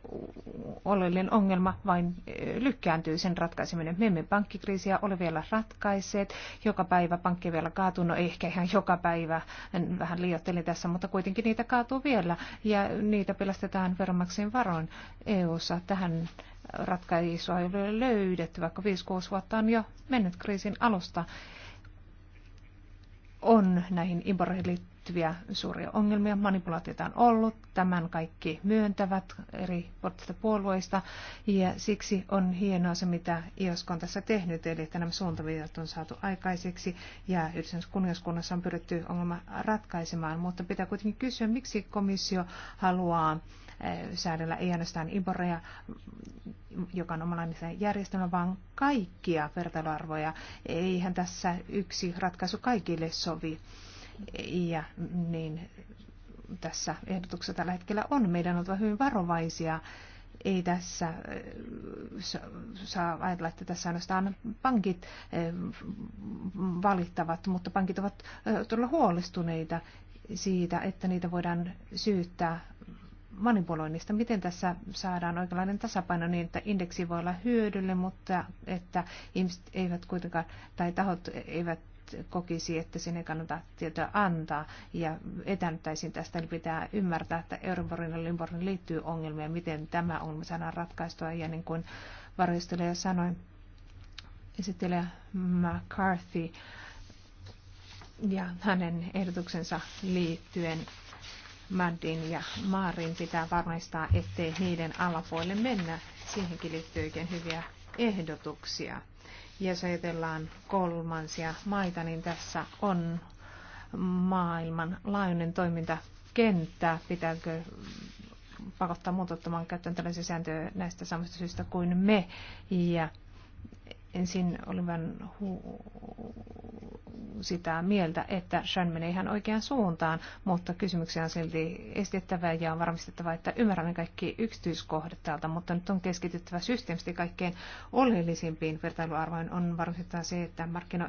oleellinen ongelma vain eh, lykkääntyy sen ratkaiseminen. Me emme pankkikriisiä ole vielä ratkaisseet. Joka päivä pankki vielä kaatuu, no ehkä ihan joka päivä, en vähän liioittelin tässä, mutta kuitenkin niitä kaatuu vielä ja niitä pelastetaan veronmaksajien varoin EU-ssa. Tähän ratkaisua ei ole löydetty, vaikka 5-6 vuotta on jo mennyt kriisin alusta on näihin imporeihin liittyviä suuria ongelmia. Manipulaatiota on ollut. Tämän kaikki myöntävät eri poliittisista puolueista. Ja siksi on hienoa se, mitä IOSK on tässä tehnyt, eli että nämä suuntaviitat on saatu aikaiseksi ja yhdessä kuningaskunnassa on pyritty ongelma ratkaisemaan. Mutta pitää kuitenkin kysyä, miksi komissio haluaa Eh, säädellä ei ainoastaan Iborea, joka on omalainen järjestelmä, vaan kaikkia vertailuarvoja. Eihän tässä yksi ratkaisu kaikille sovi. Ja niin tässä ehdotuksessa tällä hetkellä on. Meidän on oltava hyvin varovaisia. Ei tässä eh, saa ajatella, että tässä ainoastaan pankit eh, valittavat, mutta pankit ovat todella huolestuneita siitä, että niitä voidaan syyttää manipuloinnista. Miten tässä saadaan oikeanlainen tasapaino niin, että indeksi voi olla hyödyllinen, mutta että ihmiset eivät kuitenkaan, tai tahot eivät kokisi, että sinne kannata tietoa antaa ja etäntäisiin tästä, niin pitää ymmärtää, että Euroborin ja Limborin liittyy ongelmia, miten tämä ongelma saadaan ratkaistua ja niin kuin varjostelija sanoi, esittelijä McCarthy ja hänen ehdotuksensa liittyen Maddin ja Maarin pitää varmistaa, ettei niiden alapuolelle mennä. Siihenkin liittyy oikein hyviä ehdotuksia. Ja jos ajatellaan kolmansia maita, niin tässä on maailman laajuinen toimintakenttä. Pitääkö pakottaa muut ottamaan käyttöön tällaisia sääntöjä näistä samasta syystä kuin me? Ja ensin olivan hu- sitä mieltä, että Shan menee ihan oikeaan suuntaan, mutta kysymyksiä on silti estettävä ja on varmistettava, että ymmärrämme kaikki yksityiskohdat täältä, mutta nyt on keskityttävä systeemisesti kaikkein oleellisimpiin vertailuarvoihin. On varmistettava se, että markkino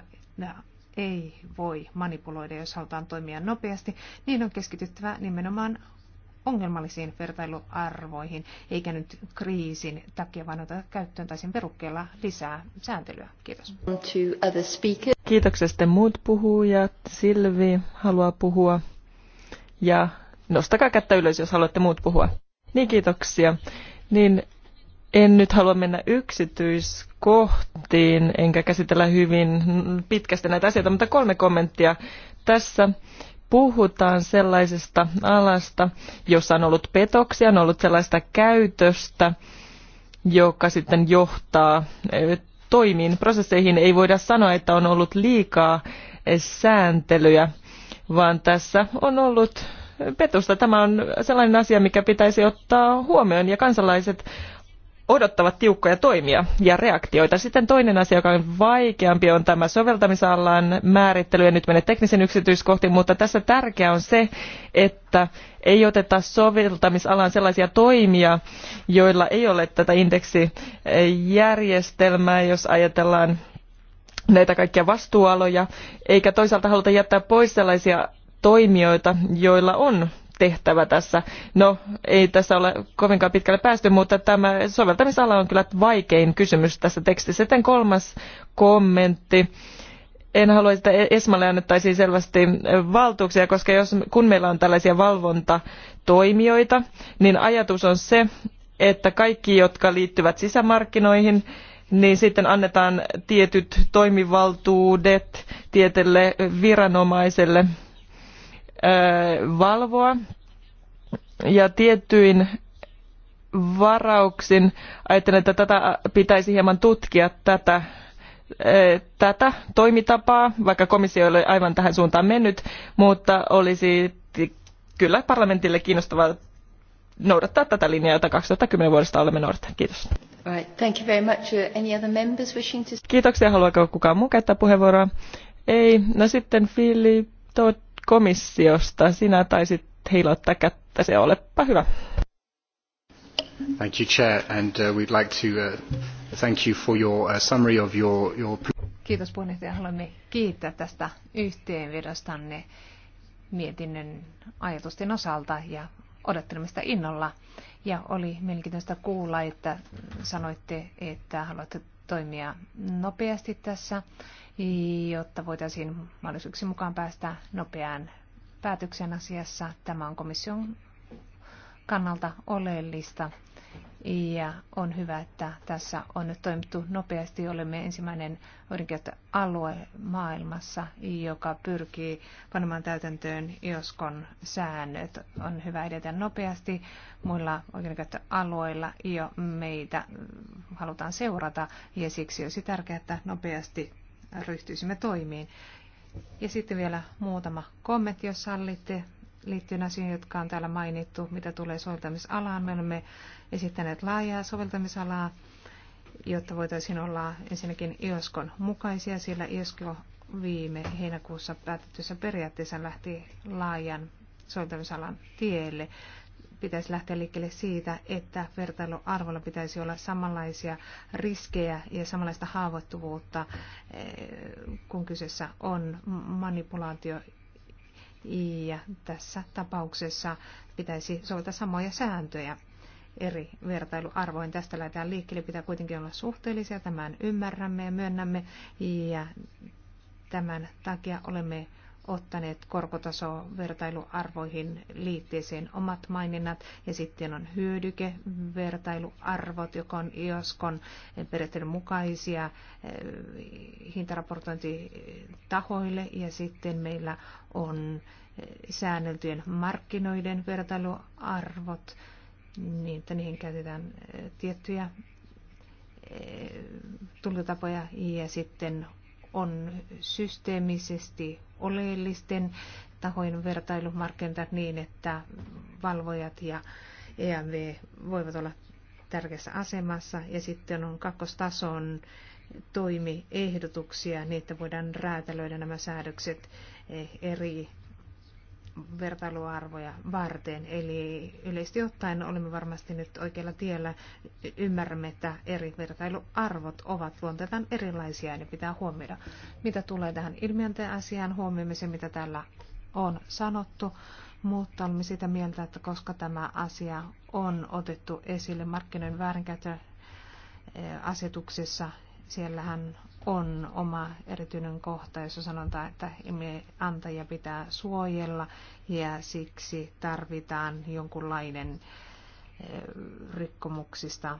ei voi manipuloida, jos halutaan toimia nopeasti, niin on keskityttävä nimenomaan ongelmallisiin vertailuarvoihin, eikä nyt kriisin takia, vaan ota käyttöön tai sen perukkeella lisää sääntelyä. Kiitos. Kiitoksia sitten muut puhujat. Silvi haluaa puhua. Ja nostakaa kättä ylös, jos haluatte muut puhua. Niin, kiitoksia. Niin, en nyt halua mennä yksityiskohtiin, enkä käsitellä hyvin pitkästi näitä asioita, mutta kolme kommenttia tässä puhutaan sellaisesta alasta, jossa on ollut petoksia, on ollut sellaista käytöstä, joka sitten johtaa toimiin. Prosesseihin ei voida sanoa, että on ollut liikaa sääntelyä, vaan tässä on ollut petosta. Tämä on sellainen asia, mikä pitäisi ottaa huomioon ja kansalaiset odottavat tiukkoja toimia ja reaktioita. Sitten toinen asia, joka on vaikeampi, on tämä soveltamisalan määrittely. Ja nyt menee teknisen yksityiskohtiin, mutta tässä tärkeää on se, että ei oteta soveltamisalan sellaisia toimia, joilla ei ole tätä indeksijärjestelmää, jos ajatellaan näitä kaikkia vastuualoja, eikä toisaalta haluta jättää pois sellaisia toimijoita, joilla on tehtävä tässä. No, ei tässä ole kovinkaan pitkälle päästy, mutta tämä soveltamisala on kyllä vaikein kysymys tässä tekstissä. Sitten kolmas kommentti. En halua, että Esmalle annettaisiin selvästi valtuuksia, koska jos, kun meillä on tällaisia valvontatoimijoita, niin ajatus on se, että kaikki, jotka liittyvät sisämarkkinoihin, niin sitten annetaan tietyt toimivaltuudet tietelle viranomaiselle valvoa ja tiettyin varauksin ajattelen, että tätä pitäisi hieman tutkia tätä tätä toimitapaa, vaikka komissio ei ole aivan tähän suuntaan mennyt, mutta olisi kyllä parlamentille kiinnostavaa noudattaa tätä linjaa, jota 2010 vuodesta olemme noudattaneet. Kiitos. Right. Thank you very much. Any other members wishing to... Kiitoksia. Haluaako kukaan muu käyttää puheenvuoroa? Ei. No sitten Philip, Todd, komissiosta. Sinä taisit heilottaa kättä, se olepa hyvä. Thank you, Chair, and uh, we'd like to uh, thank you for your uh, summary of your, your... Kiitos puheenjohtaja. Haluamme kiittää tästä yhteenvedostanne mietinnön ajatusten osalta ja odottelemme sitä innolla. Ja oli mielenkiintoista kuulla, että sanoitte, että haluatte toimia nopeasti tässä jotta voitaisiin mahdollisuuksien mukaan päästä nopeaan päätöksen asiassa. Tämä on komission kannalta oleellista ja on hyvä, että tässä on nyt toimittu nopeasti. Olemme ensimmäinen alue maailmassa, joka pyrkii panemaan täytäntöön ioskon säännöt. On hyvä edetä nopeasti. Muilla alueilla, jo meitä halutaan seurata ja siksi olisi tärkeää, että nopeasti ryhtyisimme toimiin. Ja sitten vielä muutama kommentti, jos sallitte, liittyen asioihin, jotka on täällä mainittu, mitä tulee soveltamisalaan. Me olemme esittäneet laajaa soveltamisalaa, jotta voitaisiin olla ensinnäkin IOSKon mukaisia, sillä IOSKO viime heinäkuussa päätettyssä periaatteessa lähti laajan soveltamisalan tielle pitäisi lähteä liikkeelle siitä, että vertailuarvolla pitäisi olla samanlaisia riskejä ja samanlaista haavoittuvuutta, eh, kun kyseessä on manipulaatio. Ja tässä tapauksessa pitäisi soveltaa samoja sääntöjä eri vertailuarvoin. Tästä lähdetään liikkeelle. Pitää kuitenkin olla suhteellisia. Tämän ymmärrämme ja myönnämme. Ja tämän takia olemme ottaneet korkotasovertailuarvoihin liitteeseen omat maininnat ja sitten on hyödykevertailuarvot, joka on IOSKon periaatteiden mukaisia eh, hintaraportointitahoille ja sitten meillä on eh, säänneltyjen markkinoiden vertailuarvot, niin että niihin käytetään eh, tiettyjä tulkitapoja ja sitten on systeemisesti oleellisten tahojen vertailumarkkinat niin, että valvojat ja EMV voivat olla tärkeässä asemassa. Ja sitten on kakkostason toimiehdotuksia, niin että voidaan räätälöidä nämä säädökset eri vertailuarvoja varten. Eli yleisesti ottaen olemme varmasti nyt oikealla tiellä. Ymmärrämme, että eri vertailuarvot ovat luonteeltaan erilaisia ja ne pitää huomioida. Mitä tulee tähän ilmiönteen asiaan, huomioimme se, mitä täällä on sanottu, mutta olemme sitä mieltä, että koska tämä asia on otettu esille markkinoiden väärinkäytön asetuksessa, siellähän on oma erityinen kohta, jossa sanotaan, että antaja pitää suojella ja siksi tarvitaan jonkunlainen eh, rikkomuksista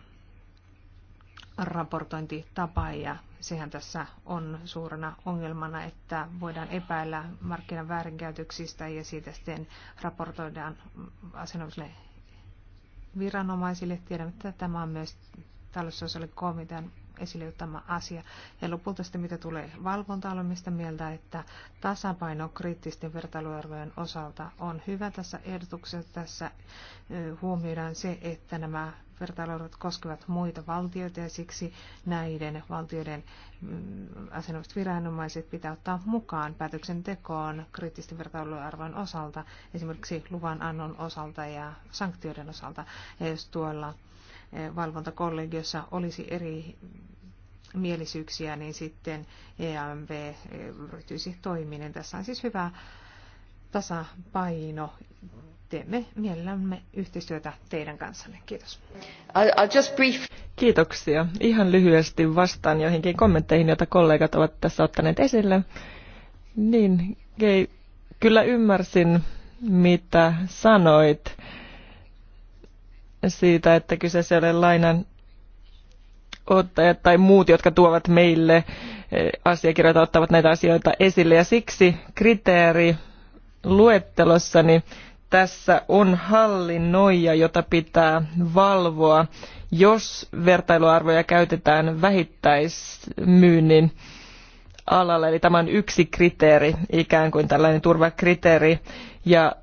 raportointitapa ja sehän tässä on suurena ongelmana, että voidaan epäillä markkinan väärinkäytöksistä ja siitä sitten raportoidaan asianomaisille viranomaisille. Tiedämme, että tämä on myös komitean esille tämä asia. Ja lopulta sitten mitä tulee valvonta mistä mieltä, että tasapaino kriittisten vertailuarvojen osalta on hyvä tässä ehdotuksessa. Tässä huomioidaan se, että nämä vertailuarvot koskevat muita valtioita ja siksi näiden valtioiden mm, asianomaiset viranomaiset pitää ottaa mukaan päätöksentekoon kriittisten vertailuarvojen osalta, esimerkiksi luvan annon osalta ja sanktioiden osalta. Ja jos tuolla valvontakollegiossa olisi eri mielisyyksiä, niin sitten EMV eh, ryhtyisi toiminen. Tässä on siis hyvä tasapaino. Teemme mielellämme yhteistyötä teidän kanssanne. Kiitos. I'll just brief. Kiitoksia. Ihan lyhyesti vastaan joihinkin kommentteihin, joita kollegat ovat tässä ottaneet esille. Niin, Kei, kyllä ymmärsin, mitä sanoit siitä, että kyseessä ei ole lainan ottajat tai muut, jotka tuovat meille eh, asiakirjoita, ottavat näitä asioita esille. Ja siksi kriteeri luettelossani tässä on hallinnoija, jota pitää valvoa, jos vertailuarvoja käytetään vähittäismyynnin alalla. Eli tämä on yksi kriteeri, ikään kuin tällainen turvakriteeri. Ja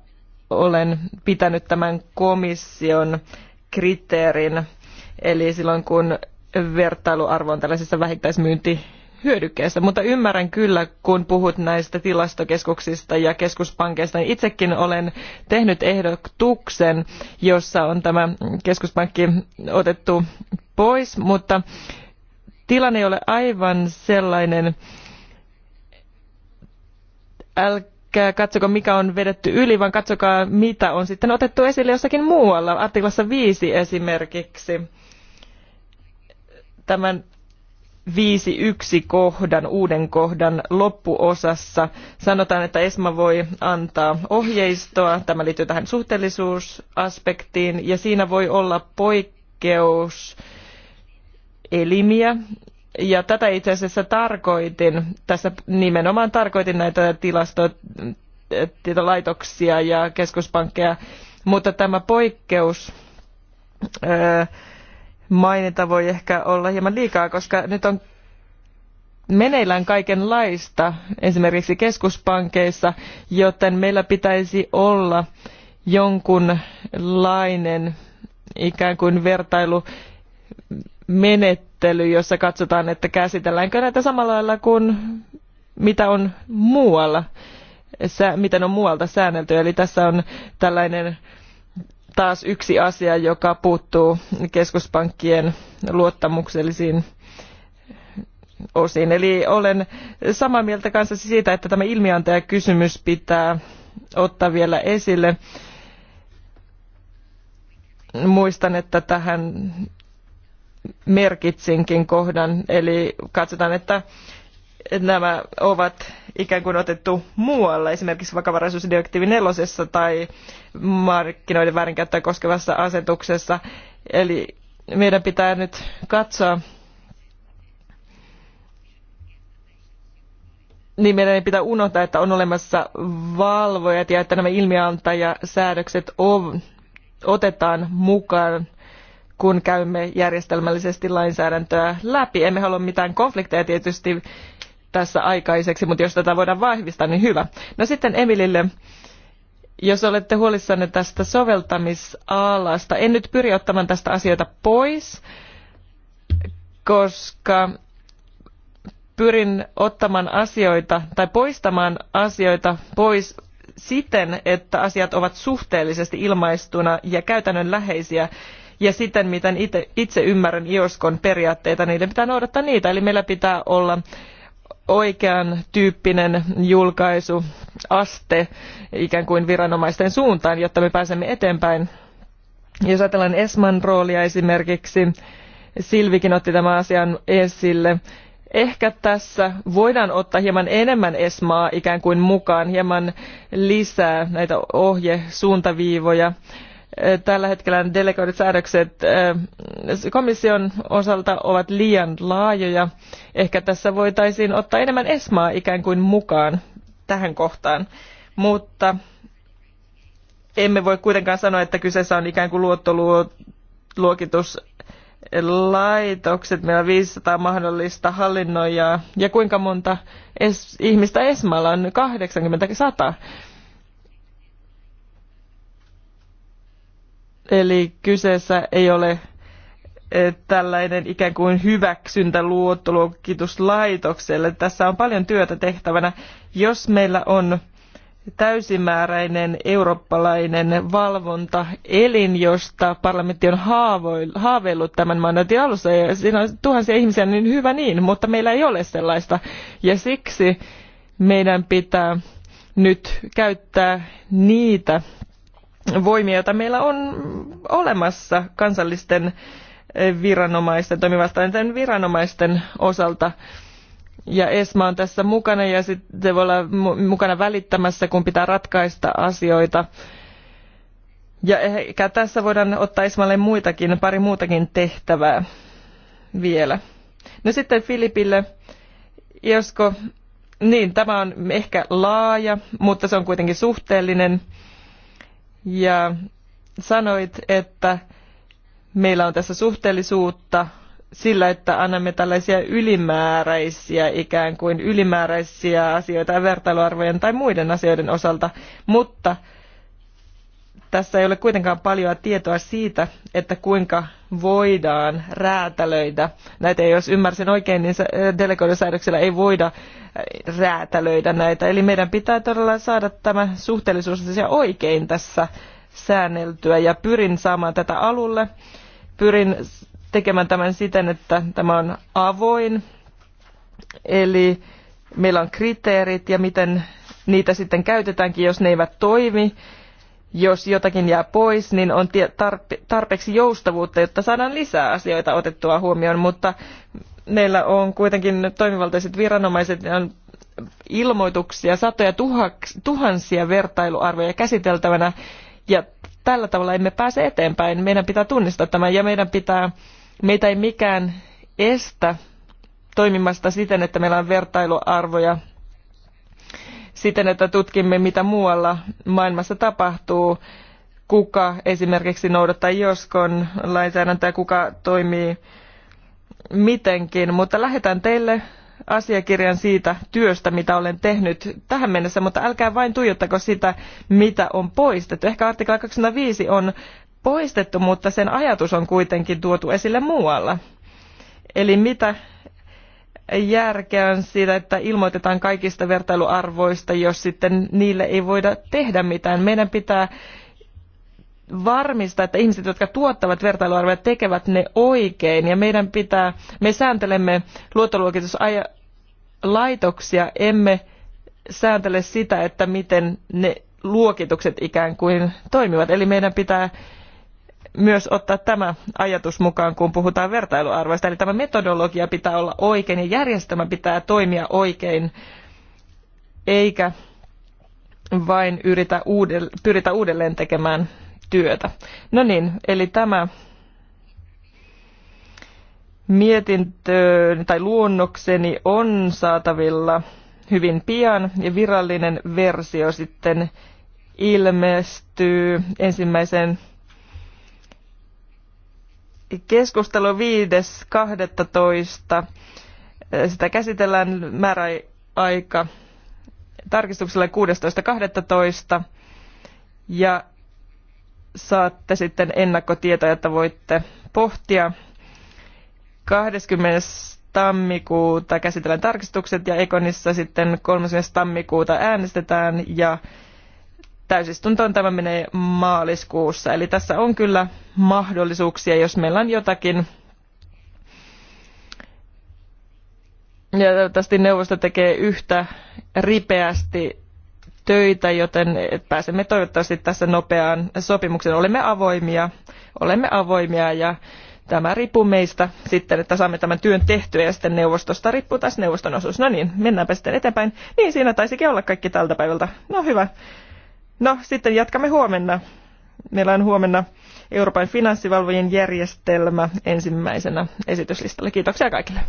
olen pitänyt tämän komission kriteerin. Eli silloin kun vertailuarvo on tällaisessa vähittäismyyntihyödykkeessä. Mutta ymmärrän kyllä, kun puhut näistä tilastokeskuksista ja keskuspankeista. Niin itsekin olen tehnyt ehdotuksen, jossa on tämä keskuspankki otettu pois, mutta tilanne ei ole aivan sellainen, äl, älkää katsoko mikä on vedetty yli, vaan katsokaa mitä on sitten otettu esille jossakin muualla, artiklassa viisi esimerkiksi. Tämän viisi yksi kohdan, uuden kohdan loppuosassa sanotaan, että ESMA voi antaa ohjeistoa, tämä liittyy tähän suhteellisuusaspektiin, ja siinä voi olla poikkeus elimiä, ja tätä itse asiassa tarkoitin, tässä nimenomaan tarkoitin näitä tilastolaitoksia ja keskuspankkeja, mutta tämä poikkeus mainita voi ehkä olla hieman liikaa, koska nyt on meneillään kaikenlaista esimerkiksi keskuspankeissa, joten meillä pitäisi olla jonkunlainen ikään kuin vertailu menettely, jossa katsotaan, että käsitelläänkö näitä samalla lailla kuin mitä on muualla, miten on muualta säännelty. Eli tässä on tällainen taas yksi asia, joka puuttuu keskuspankkien luottamuksellisiin osiin. Eli olen samaa mieltä kanssasi siitä, että tämä ilmiantajakysymys pitää ottaa vielä esille. Muistan, että tähän merkitsinkin kohdan, eli katsotaan, että nämä ovat ikään kuin otettu muualla, esimerkiksi vakavaraisuusdirektiivi nelosessa tai markkinoiden väärinkäyttöä koskevassa asetuksessa. Eli meidän pitää nyt katsoa, niin meidän ei pitää unohtaa, että on olemassa valvojat ja että nämä ilmiantajasäädökset on, otetaan mukaan kun käymme järjestelmällisesti lainsäädäntöä läpi. Emme halua mitään konflikteja tietysti tässä aikaiseksi, mutta jos tätä voidaan vahvistaa, niin hyvä. No sitten Emilille, jos olette huolissanne tästä soveltamisalasta, en nyt pyri ottamaan tästä asioita pois, koska pyrin ottamaan asioita tai poistamaan asioita pois siten, että asiat ovat suhteellisesti ilmaistuna ja käytännönläheisiä ja siten miten itse, itse ymmärrän IOSKon periaatteita, niiden pitää noudattaa niitä. Eli meillä pitää olla oikean tyyppinen julkaisuaste ikään kuin viranomaisten suuntaan, jotta me pääsemme eteenpäin. Jos ajatellaan Esman roolia esimerkiksi, Silvikin otti tämän asian esille, ehkä tässä voidaan ottaa hieman enemmän esmaa ikään kuin mukaan hieman lisää näitä ohjesuuntaviivoja tällä hetkellä delegoidut säädökset komission osalta ovat liian laajoja. Ehkä tässä voitaisiin ottaa enemmän ESMAa ikään kuin mukaan tähän kohtaan, mutta emme voi kuitenkaan sanoa, että kyseessä on ikään kuin luottoluokitus laitokset, meillä on 500 mahdollista hallinnoijaa ja kuinka monta es, ihmistä Esmalla on 80-100 Eli kyseessä ei ole e, tällainen ikään kuin hyväksyntä luottoluokituslaitokselle. Tässä on paljon työtä tehtävänä. Jos meillä on täysimääräinen eurooppalainen valvontaelin, josta parlamentti on haaveillut tämän mandatin alussa. Ja siinä on tuhansia ihmisiä, niin hyvä niin, mutta meillä ei ole sellaista. Ja siksi meidän pitää nyt käyttää niitä voimia, joita meillä on olemassa kansallisten eh, viranomaisten, toimivastainten viranomaisten osalta. Ja ESMA on tässä mukana ja sitten voi olla mukana välittämässä, kun pitää ratkaista asioita. Ja ehkä tässä voidaan ottaa Esmalle muitakin, pari muutakin tehtävää vielä. No sitten Filipille, josko, niin tämä on ehkä laaja, mutta se on kuitenkin suhteellinen ja sanoit, että meillä on tässä suhteellisuutta sillä, että annamme tällaisia ylimääräisiä, ikään kuin ylimääräisiä asioita vertailuarvojen tai muiden asioiden osalta, mutta tässä ei ole kuitenkaan paljon tietoa siitä, että kuinka voidaan räätälöidä. Näitä, jos ymmärsin oikein, niin delegoidusäädöksillä ei voida räätälöidä näitä. Eli meidän pitää todella saada tämä suhteellisuusasia oikein tässä säänneltyä ja pyrin saamaan tätä alulle. Pyrin tekemään tämän siten, että tämä on avoin. Eli meillä on kriteerit ja miten niitä sitten käytetäänkin, jos ne eivät toimi jos jotakin jää pois, niin on tarpeeksi joustavuutta, jotta saadaan lisää asioita otettua huomioon, mutta meillä on kuitenkin toimivaltaiset viranomaiset, on ilmoituksia, satoja tuhansia vertailuarvoja käsiteltävänä ja tällä tavalla emme pääse eteenpäin. Meidän pitää tunnistaa tämä ja meidän pitää, meitä ei mikään estä toimimasta siten, että meillä on vertailuarvoja siten, että tutkimme, mitä muualla maailmassa tapahtuu, kuka esimerkiksi noudattaa joskon lainsäädäntöä, kuka toimii mitenkin, mutta lähetän teille asiakirjan siitä työstä, mitä olen tehnyt tähän mennessä, mutta älkää vain tuijottako sitä, mitä on poistettu. Ehkä artikla 25 on poistettu, mutta sen ajatus on kuitenkin tuotu esille muualla. Eli mitä järkeä siitä, että ilmoitetaan kaikista vertailuarvoista, jos sitten niille ei voida tehdä mitään. Meidän pitää varmistaa, että ihmiset, jotka tuottavat vertailuarvoja, tekevät ne oikein. Ja meidän pitää, me sääntelemme luottoluokituslaitoksia, emme sääntele sitä, että miten ne luokitukset ikään kuin toimivat. Eli meidän pitää myös ottaa tämä ajatus mukaan, kun puhutaan vertailuarvoista. Eli tämä metodologia pitää olla oikein ja järjestelmä pitää toimia oikein, eikä vain yritä uudelle, pyritä uudelleen tekemään työtä. No niin, eli tämä mietintö tai luonnokseni on saatavilla hyvin pian ja virallinen versio sitten ilmestyy ensimmäisen keskustelu 5.12. Sitä käsitellään määräaika tarkistuksella 16.12. Ja saatte sitten ennakkotietoja, että voitte pohtia. 20. tammikuuta käsitellään tarkistukset ja Ekonissa sitten 30. tammikuuta äänestetään ja täysistuntoon tämä menee maaliskuussa. Eli tässä on kyllä mahdollisuuksia, jos meillä on jotakin. Ja toivottavasti neuvosto tekee yhtä ripeästi töitä, joten pääsemme toivottavasti tässä nopeaan sopimukseen. Olemme avoimia, olemme avoimia ja tämä riippuu meistä sitten, että saamme tämän työn tehtyä ja sitten neuvostosta riippuu taas neuvoston osuus. No niin, mennäänpä sitten eteenpäin. Niin, siinä taisikin olla kaikki tältä päivältä. No hyvä. No, sitten jatkamme huomenna. Meillä on huomenna Euroopan finanssivalvojen järjestelmä ensimmäisenä esityslistalla. Kiitoksia kaikille.